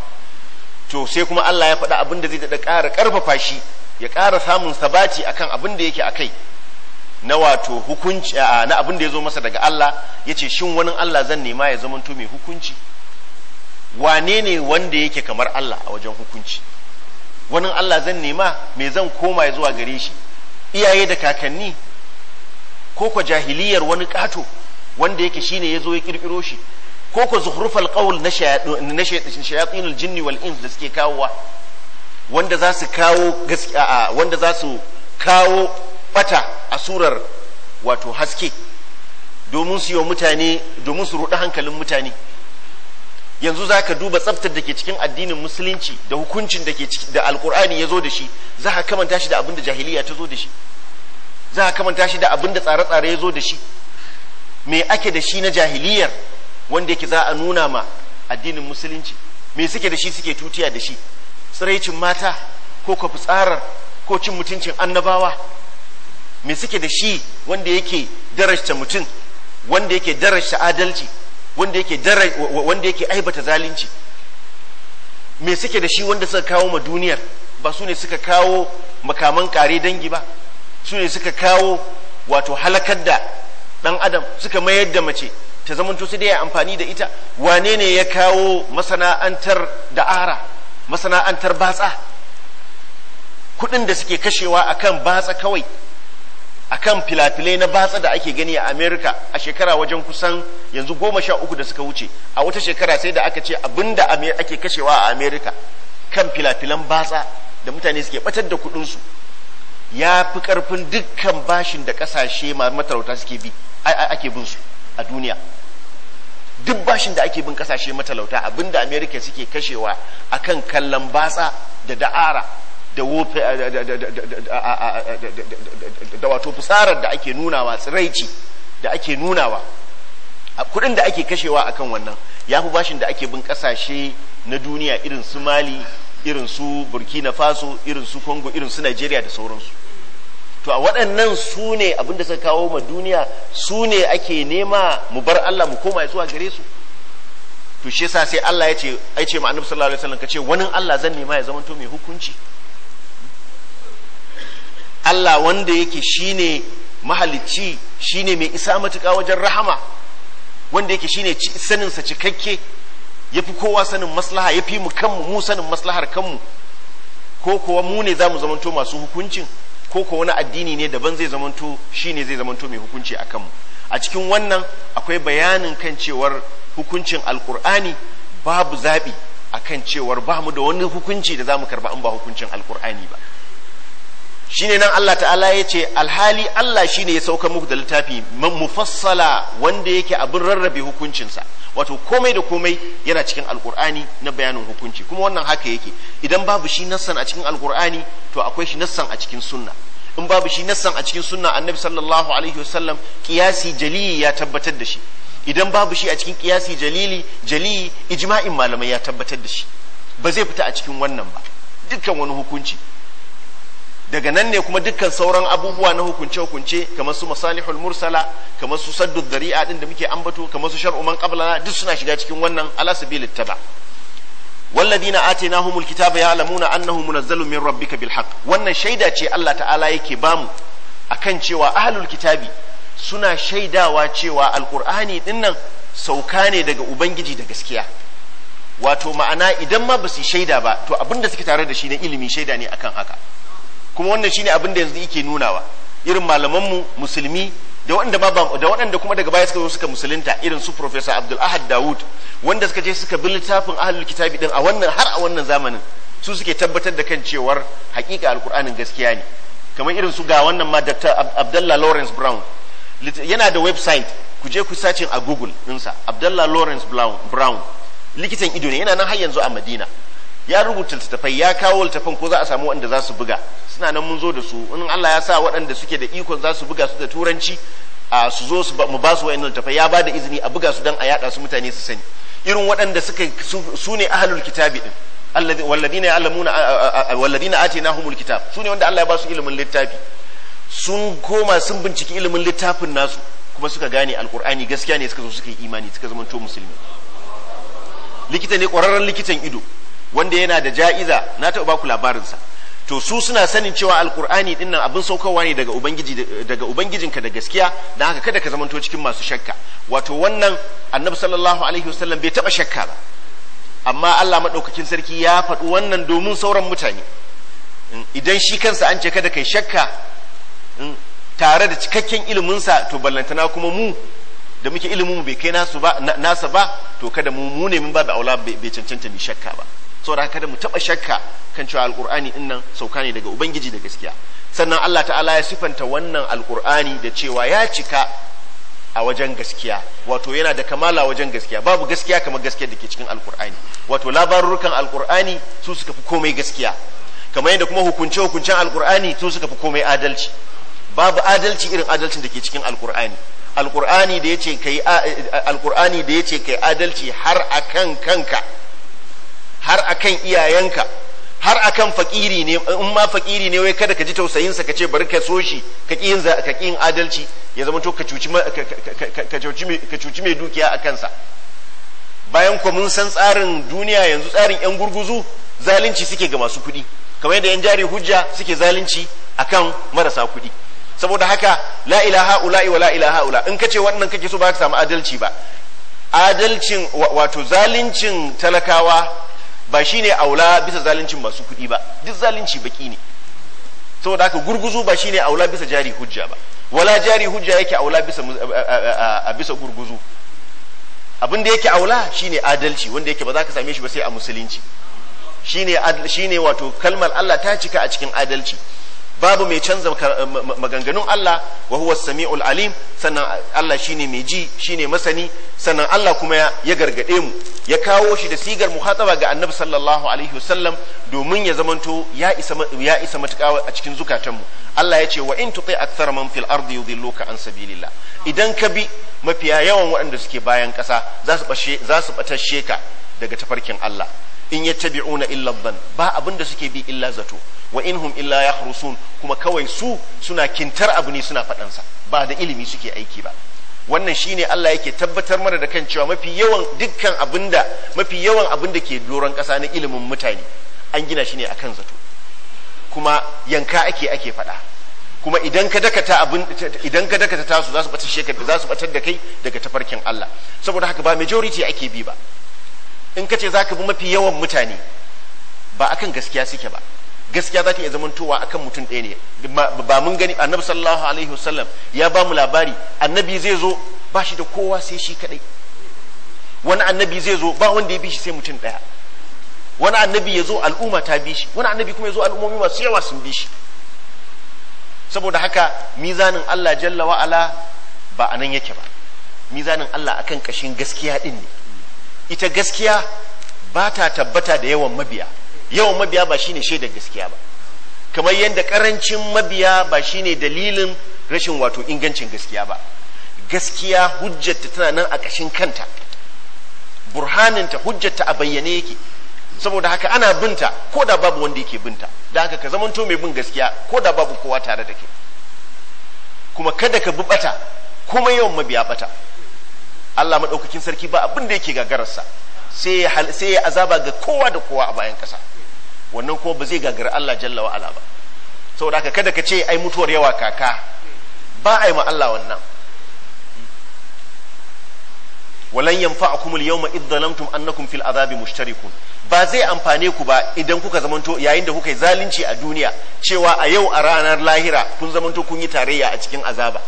to sai kuma Allah ya faɗa abin da zai daɗa ƙara ƙarfafa shi ya ƙara samun sabati akan abin da yake a kai na wato hukunci na abin da ya zo masa daga Allah ya ce shin wani Allah zan nema ya zamanto mai hukunci wane ne wanda yake kamar Allah a wajen hukunci wani Allah zan nema me zan koma zuwa gare shi iyaye da kakanni ko ko jahiliyar wani kato wanda yake shine yazo ya kirkiro shi ko ko zuhrufal qawl na shayatinul jinni wal ins da suke kawowa wanda za su kawo wanda za su kawo bata a surar wato haske domin su yi mutane domin su rudi hankalin mutane yanzu za ka duba tsaftar da ke cikin addinin musulunci da hukuncin da ke da alkur'ani ya zo da shi za ka kamanta shi da abin da jahiliya ta zo da shi za ka kamanta shi da abin da tsare-tsare ya zo da shi me ake da shi na jahiliyar wanda yake za a nuna ma addinin musulunci me suke da shi suke tutiya da shi tsiraicin mata ko ka fitsarar ko cin mutuncin annabawa me suke da shi wanda yake darasta mutum wanda yake darasta adalci wanda yake wanda yake aibata zalunci me suke da shi wanda suka kawo ma duniyar ba su ne suka kawo makaman kare dangi ba su ne suka kawo wato halakar da dan adam suka mayar da mace ta zamanto su dai amfani da ita wane ne ya kawo masana'antar da da'ara masana'antar batsa kudin da suke kashewa akan batsa kawai akan filafilai na batsa da ake gani a america a shekara wajen kusan yanzu goma sha uku da suka wuce a wata shekara sai da aka ce abinda ake kashewa a amerika kan filafilan batsa da mutane suke batar da kudinsu ya fi karfin dukkan bashin da kasashe matalauta suke bi ake bin su a duniya duk bashin da ake bin kasashe matalauta abinda amerika suke kashewa akan kallon batsa da da'ara da wofe da wato fusarar da ake nunawa tsiraici da ake nunawa kudin da ake kashewa akan wannan ya fi bashin da ake bin kasashe na duniya irin su mali irin su burkina faso irin su congo irin su nigeria da sauransu to a waɗannan su ne abinda suka kawo ma duniya su ne ake nema mu bar allah mu koma zuwa gare su to shi yasa sai allah ya ce ma annabi sallallahu alaihi wasallam ce wani allah zan nema ya zamanto mai hukunci Allah wanda yake shine mahalicci shine mai isa matuƙa wajen rahama wanda yake shine saninsa cikakke ya fi kowa sanin maslaha ya fi mu kanmu mu sanin maslahar kanmu ko kuwa mu ne za mu zamanto masu hukuncin ko kuwa wani addini ne daban zai zamanto shi zai zamanto mai hukunci a kanmu a cikin wannan akwai bayanin kan cewar hukuncin alkur'ani babu zaɓi a kan cewar ba mu da wani hukunci da za mu karba in ba hukuncin alkur'ani ba Shi ne nan Allah ta'ala ya ce alhali Allah shi ne ya sauka muku da littafi mufassala wanda yake abin rarrabe hukuncinsa wato komai da komai yana cikin alkur'ani na bayanin hukunci kuma wannan haka yake idan babu shi nassan a cikin alkur'ani to akwai shi nassan a cikin sunna in babu shi nassan a cikin sunna annabi sallallahu alaihi wasallam kiyasi jalili ya tabbatar da shi idan babu shi a cikin kiyasi jalili jalili ijma'in malamai ya tabbatar da shi ba zai fita a cikin wannan ba dukkan wani hukunci daga nan ne kuma dukkan sauran abubuwa na hukunce-hukunce kamar su masalihul mursala kamar su saddu dari'a din da muke ambato kamar su shar'u man qablana duk suna shiga cikin wannan ala sabilit taba walladina atainahumul kitaba ya'lamuna annahu munazzalun min rabbika bil haqq wannan shaida ce Allah ta'ala yake bamu akan cewa ahlul kitabi suna shaidawa cewa alqur'ani nan sauka ne daga ubangiji da gaskiya wato ma'ana idan ma ba su shaida ba to abinda suke tare da shi na ilimi shaida ne akan haka kuma wannan shine abin da yanzu yake nunawa irin malamanmu musulmi da waɗanda ba da waɗanda kuma daga baya suka zo suka musulunta irin su professor Abdul Ahad Dawud wanda suka je suka bi littafin ahlul kitabi din a wannan har a wannan zamanin su suke tabbatar da kan cewar hakika alkur'anin gaskiya ne kamar irin su ga wannan ma Dr. Abdullah Lawrence Brown yana da website ku je ku sacin a Google ɗinsa Abdullah Lawrence Brown likitan ido ne yana nan har yanzu a Madina ya rubuta littafai ya kawo littafan ko za a samu waɗanda za su buga suna nan mun zo da su in Allah ya sa waɗanda suke da ikon za su buga su da turanci a su zo su mu ba su wayannan littafai ya ba da izini a buga su dan a yada su mutane su sani irin waɗanda suka su ne ahlul kitabi din walladina ya'lamuna walladina atainahumul kitab su ne wanda Allah ya ba su ilimin littafi sun koma sun binciki ilimin littafin nasu kuma suka gane alkur'ani gaskiya ne suka zo suka yi imani suka zama to musulmi likita ne ƙwararren likitan ido wanda yana da ja'iza na taɓa baku labarinsa to su suna sanin cewa alkur'ani din nan abin saukowa ne daga ubangiji daga ubangijinka da gaskiya da haka kada ka zamanto cikin masu shakka wato wannan annabi sallallahu alaihi wasallam bai taɓa shakka ba amma Allah maɗaukakin sarki ya faɗi wannan domin sauran mutane idan shi kansa an ce kada kai shakka tare da cikakken iliminsa to ballantana kuma mu da muke ilimin bai kai nasa ba to kada mu mu ne min ba da aula bai cancanta ni shakka ba saboda haka da mu taba shakka kan cewa alqur'ani din nan sauka ne daga ubangiji da gaskiya sannan Allah ta'ala ya sifanta wannan alqur'ani da cewa ya cika a wajen gaskiya wato yana da kamala wajen gaskiya babu gaskiya kamar gaskiya da cikin alqur'ani wato labarurukan alqur'ani su suka fi komai gaskiya kamar yadda kuma hukunce hukuncen alqur'ani su suka fi komai adalci babu adalci irin adalcin da ke cikin alqur'ani alkur'ani da yace kai alkur'ani da yace kai adalci har akan kanka har akan iyayenka har akan fakiri ne in ma fakiri ne wai kada ka ji tausayin sa kace bari ka so shi ka ki yin ka ki adalci ya zama to ka cuci ka cuci ka cuci mai dukiya a kansa bayan ko mun san tsarin duniya yanzu tsarin yan gurguzu zalunci suke ga masu kuɗi kamar yadda yan jari hujja suke zalunci akan marasa kuɗi saboda haka la ilaha ula'i wa la ilaha ula in kace wannan kake so ba ka samu adalci ba adalcin wato zaluncin talakawa ba shine aula bisa zaluncin masu kuɗi ba duk zalunci baki ne saboda haka gurguzu ba shine aula bisa jari hujja ba wala jari hujja yake aula bisa a bisa gurguzu abin da yake aula shine adalci wanda yake ba za ka same shi ba sai a musulunci shine shine wato kalmar Allah ta cika a cikin adalci babu mai canza eh, maganganun Allah wa huwa sami'ul alim sannan Allah shine mai ji shine masani sannan Allah kuma ya gargade mu ya kawo shi da sigar muhatsaba ga annabi sallallahu alaihi wasallam domin ya zamanto ya isa ya isa a cikin zukatanmu Allah ya ce wa in tuti akthara man fil ardi yudilluka an sabilillah idan ka bi mafiya yawan waɗanda suke bayan ƙasa za su za su batashe ka daga tafarkin Allah in yattabi'una illa dhann ba abinda suke bi illa zato wa hum illa yahrusun kuma kawai su suna kintar abu ne suna faɗansa ba da ilimi suke aiki ba wannan shine Allah yake tabbatar mana da kan cewa mafi yawan dukkan abinda mafi yawan abinda ke doron ƙasa na ilimin mutane an gina shi ne akan zato kuma yanka ake ake faɗa kuma idan ka dakata abin idan ka dakata tasu za su ɓata sheka za su batar da kai daga tafarkin Allah saboda haka ba majority ake bi ba in ka ce zaka bi mafi yawan mutane ba akan gaskiya suke ba gaskiya za ta iya zamantowa akan mutum ɗaya ne ba mun gani annabi sallallahu alaihi wasallam ya ba mu labari annabi zai zo ba shi da kowa sai shi kadai wani annabi zai zo ba wanda ya bi shi sai mutum ɗaya wani annabi ya zo al'umma ta bi shi wani annabi kuma ya zo al'ummomi masu yawa sun bi shi saboda haka mizanin Allah jalla wa'ala ba a nan yake ba mizanin Allah akan kashin gaskiya ɗin ne ita gaskiya ba ta tabbata da yawan mabiya yawan mabiya ba shine shaidar gaskiya ba kamar yadda karancin mabiya ba shine dalilin rashin wato ingancin gaskiya ba gaskiya hujjata tana nan a ƙashin kanta burhaninta hujjata a bayyane yake saboda haka ana binta ko da babu wanda yake binta da haka ka zamanto mai bin gaskiya ko da babu kowa tare da ke kuma kada ka bi bata kuma yawan mabiya bata Allah maɗaukakin sarki ba abin da yake gagararsa sai ya azaba ga kowa da kowa a bayan ƙasa wannan ko ba zai gagara Allah jalla wa ala ba saboda haka kada ka ce ai mutuwar yawa kaka ba ai ma Allah wannan walan yanfa'akum al-yawma idh zalamtum annakum fil azabi mushtarikun ba zai amfane ku ba idan kuka zamanto yayin da kuka yi zalunci a duniya cewa a yau a ranar lahira kun zamanto kun yi tarayya a cikin azaba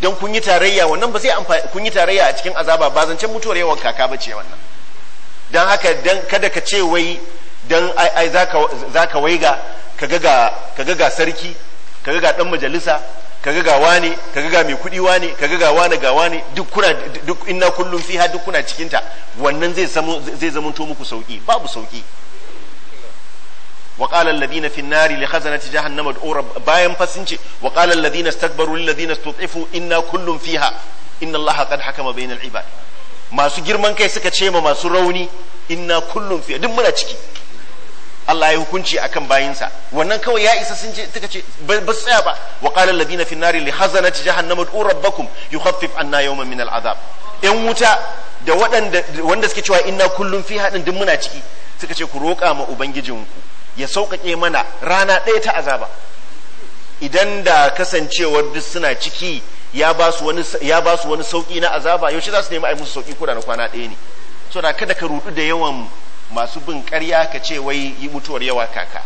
don kun yi tarayya wannan ba zai amfani kun yi tarayya a cikin azaba ba zancen mutuwar yawan kaka ba ce wannan don haka dan kada ka ce wai don ai za ka waiga ka ga sarki ka ga dan majalisa ka ga wani ka ga mai kudi wani ka ga wani ga wani duk kuna duk inna kullum fiha duk kuna cikin ta wannan zai samu zai zamanto muku sauki babu sauki wa qala alladhina fi an-nari li khazanati jahannam ad'u rabb bayan fasinci wa qala alladhina istakbaru lil ladhina istud'ifu inna kullum fiha inna allaha qad hakama bainal ibad masu girman kai suka ce ma masu rauni inna kullum fiha duk muna ciki Allah ya hukunci akan bayinsa wannan kawai ya isa sun ce suka ce ba su tsaya ba wa qala alladhina fi nari li hazanati jahannama ud'u rabbakum yukhaffif anna yawman min azab. yan wuta da waɗanda wanda suke cewa inna kullum fi haɗin duk muna ciki suka ce ku roƙa ma ubangijinku ya sauƙaƙe mana rana ɗaya ta azaba idan da kasancewar duk suna ciki ya ba su wani sauƙi na azaba yaushe za su nemi ai musu sauƙi koda na kwana ɗaya ne so da kada ka rudu da yawan masu bin karya ka ce wai yi mutuwar yawa kaka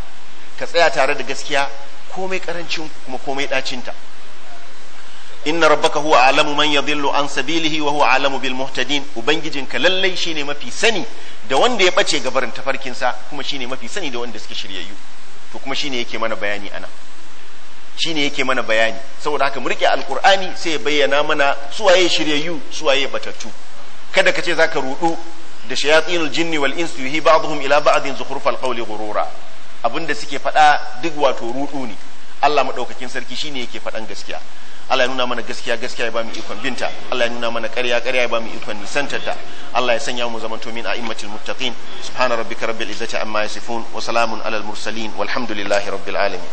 ka tsaya tare da gaskiya komai karancin kuma komai ɗacinta inna rabbaka huwa alamu man yadhillu an sabilihi wa huwa alamu bil muhtadin ubangijin ka lallai shine mafi sani da wanda ya bace gabarin tafarkinsa kuma shine mafi sani da wanda suke shiryayyu to kuma shine yake mana bayani ana shine yake mana bayani saboda haka murke alqur'ani sai ya bayyana mana suwaye shiryayyu suwaye batattu kada ka ce zaka rudu da shayatinul jinni wal insi yuhi ba'dhum ila ba'din zukhrufal qawli ghurura abinda suke faɗa duk wato rudu ne Allah madaukakin sarki shine yake faɗan gaskiya Allah ya nuna mana gaskiya gaskiya ya bamu ikon binta Allah ya nuna mana ƙarya ƙarya ya bamu ikon nisantarta Allah ya sanya mu zaman min a immatil muttaqin subhana rabbika rabbil izzati amma yasifun wa salamun alal mursalin walhamdulillahi rabbil alamin